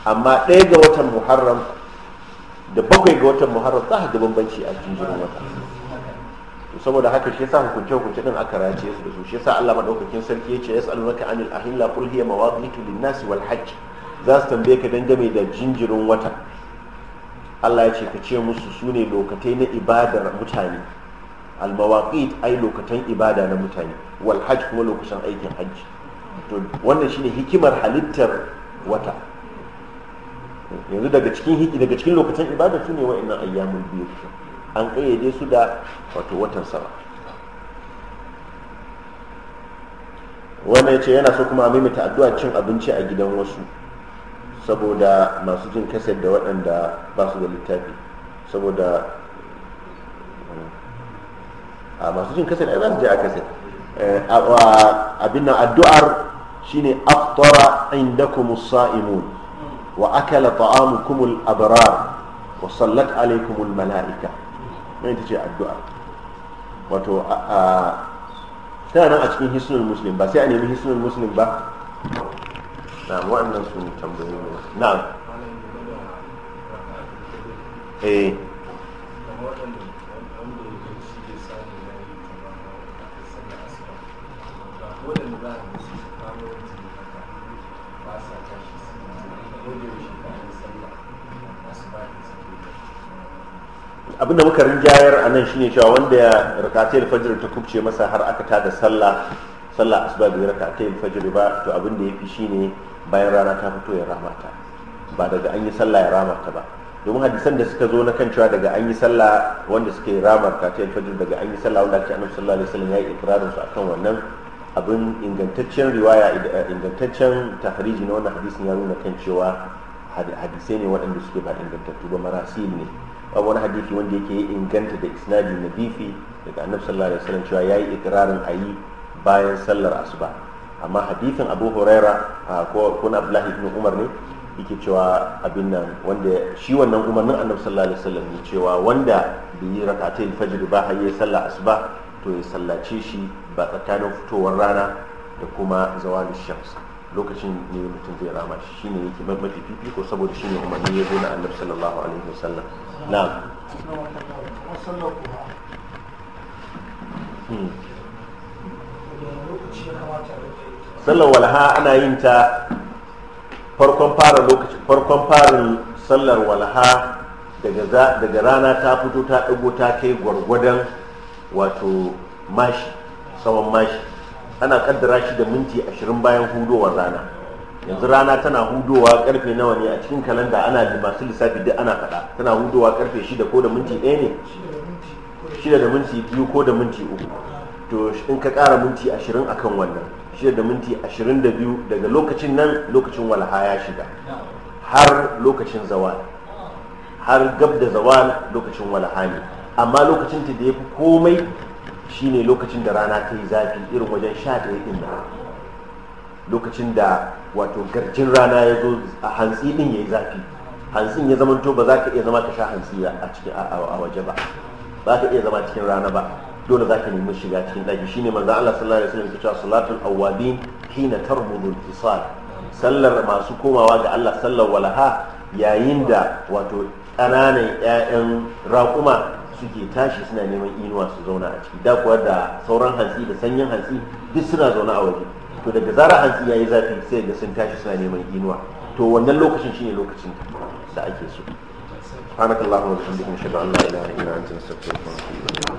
amma ɗaya ga watan muharram da bakwai ga watan muharram a da bambanci a jinjirin wata saboda haka shi yasa hukunce hukunce din aka race su da su shi yasa Allah madaukakin sarki yace yas'alunaka anil ahilla qul hiya mawaqitu lin-nasi wal hajj za su tambaye ka dangane da jinjirin wata Allah ya ce ka ce musu su ne lokatai na ibadar mutane almawaqit ai lokatan ibada na mutane wal hajj kuma lokacin aikin hajji to wannan shine hikimar halittar wata yanzu daga cikin hiki daga cikin lokacin ibada su ne wa'annan ayyamun biyu an kayyade su da wato watan sama wannan ya ce yana so kuma a maimaita addu'a cin abinci a gidan wasu saboda masu jin kasar da waɗanda ba su da littafi saboda a masu jin kasar ai za su je a kasar eh, abin nan addu'ar shine aftara indakum as-sa'imun wa akala ta'amukumul abrar wa sallat alaikumul mala'ika nan ita ce addu'a wato tana nan a cikin hisnul muslim ba sai a nemi hisnul muslim ba na na abinda muka rinjayar a nan shine cewa wanda ya rakatayil fajr ta kubce masa har aka ta da sallah sallah asuba bai rakatayil fajr ba to abin da yafi shine bayan rana ta fito ya rama ta ba daga an yi sallah ya rama ta ba domin hadisan da suka zo na kan cewa daga an yi sallah wanda suke rama rakatayil fajr daga an yi sallah wanda ake annabi sallallahu alaihi wasallam ya yi ikrarin su akan wannan abin ingantaccen riwaya eh, ingantaccen tahriji na wannan hadisin ya nuna kan cewa hadisai ne waɗanda suke ba ingantattu ba marasi ne babu wani hadisi wanda yake inganta da isnadi na bifi daga annabi sallallahu alaihi wasallam cewa yayi ikrarin ayi bayan sallar asuba amma hadisin abu huraira ko kun abdullahi ibn umar ne yake cewa abin nan wanda shi wannan umarnin annabi sallallahu alaihi wasallam ne cewa wanda bai yi rak'atul fajr ba har sallar asuba to ya sallace shi ba tsakanin fitowar rana da kuma zawalin shams lokacin ne mutum zai rama shi shine yake mafi fifiko saboda shine umarni ya zo na annabi sallallahu alaihi wasallam na hmm. sallar walha ana yin ta farkon fara lokaci farkon farin sallar walha daga rana ta fito ta ɗago ta kai gwargwadon wato mashi tsawon mashi ana kaddara shi da minti ashirin bayan hudowar rana yanzu rana tana hudowa karfe nawa ne a cikin kalanda ana da masu lissafi duk ana faɗa tana hudowa karfe shida ko da minti ɗaya ne shida da minti biyu ko da minti uku to in ka ƙara minti ashirin akan wannan shida da minti ashirin da biyu daga lokacin nan lokacin walhaya ya shiga har lokacin zawa har gab da zawa lokacin walha ne amma lokacin ta da ya fi komai shine lokacin da rana ta yi zafi irin wajen sha da ya lokacin da wato garjin rana ya zo a hantsi din ya yi zafi hantsin ya zama to ba za ka iya zama ka sha hantsi a cikin a waje ba ba ka iya zama cikin rana ba dole za ka nemi shiga cikin ɗaki shine maza Allah sallallahu alaihi wasallam ya ce salatul awwabin hina tarmudul sallar masu komawa ga Allah sallar walaha yayin da wato ƙananan 'ya'yan raƙuma suke tashi suna neman inuwa su zauna a ciki da kuwa da sauran hantsi da sanyin hantsi duk suna zaune a waje to daga zarar hantsi ya yi zafi sai da sun tashi suna neman inuwa to wannan lokacin shine lokacin da ake so سبحانك اللهم وبحمدك نشهد ان لا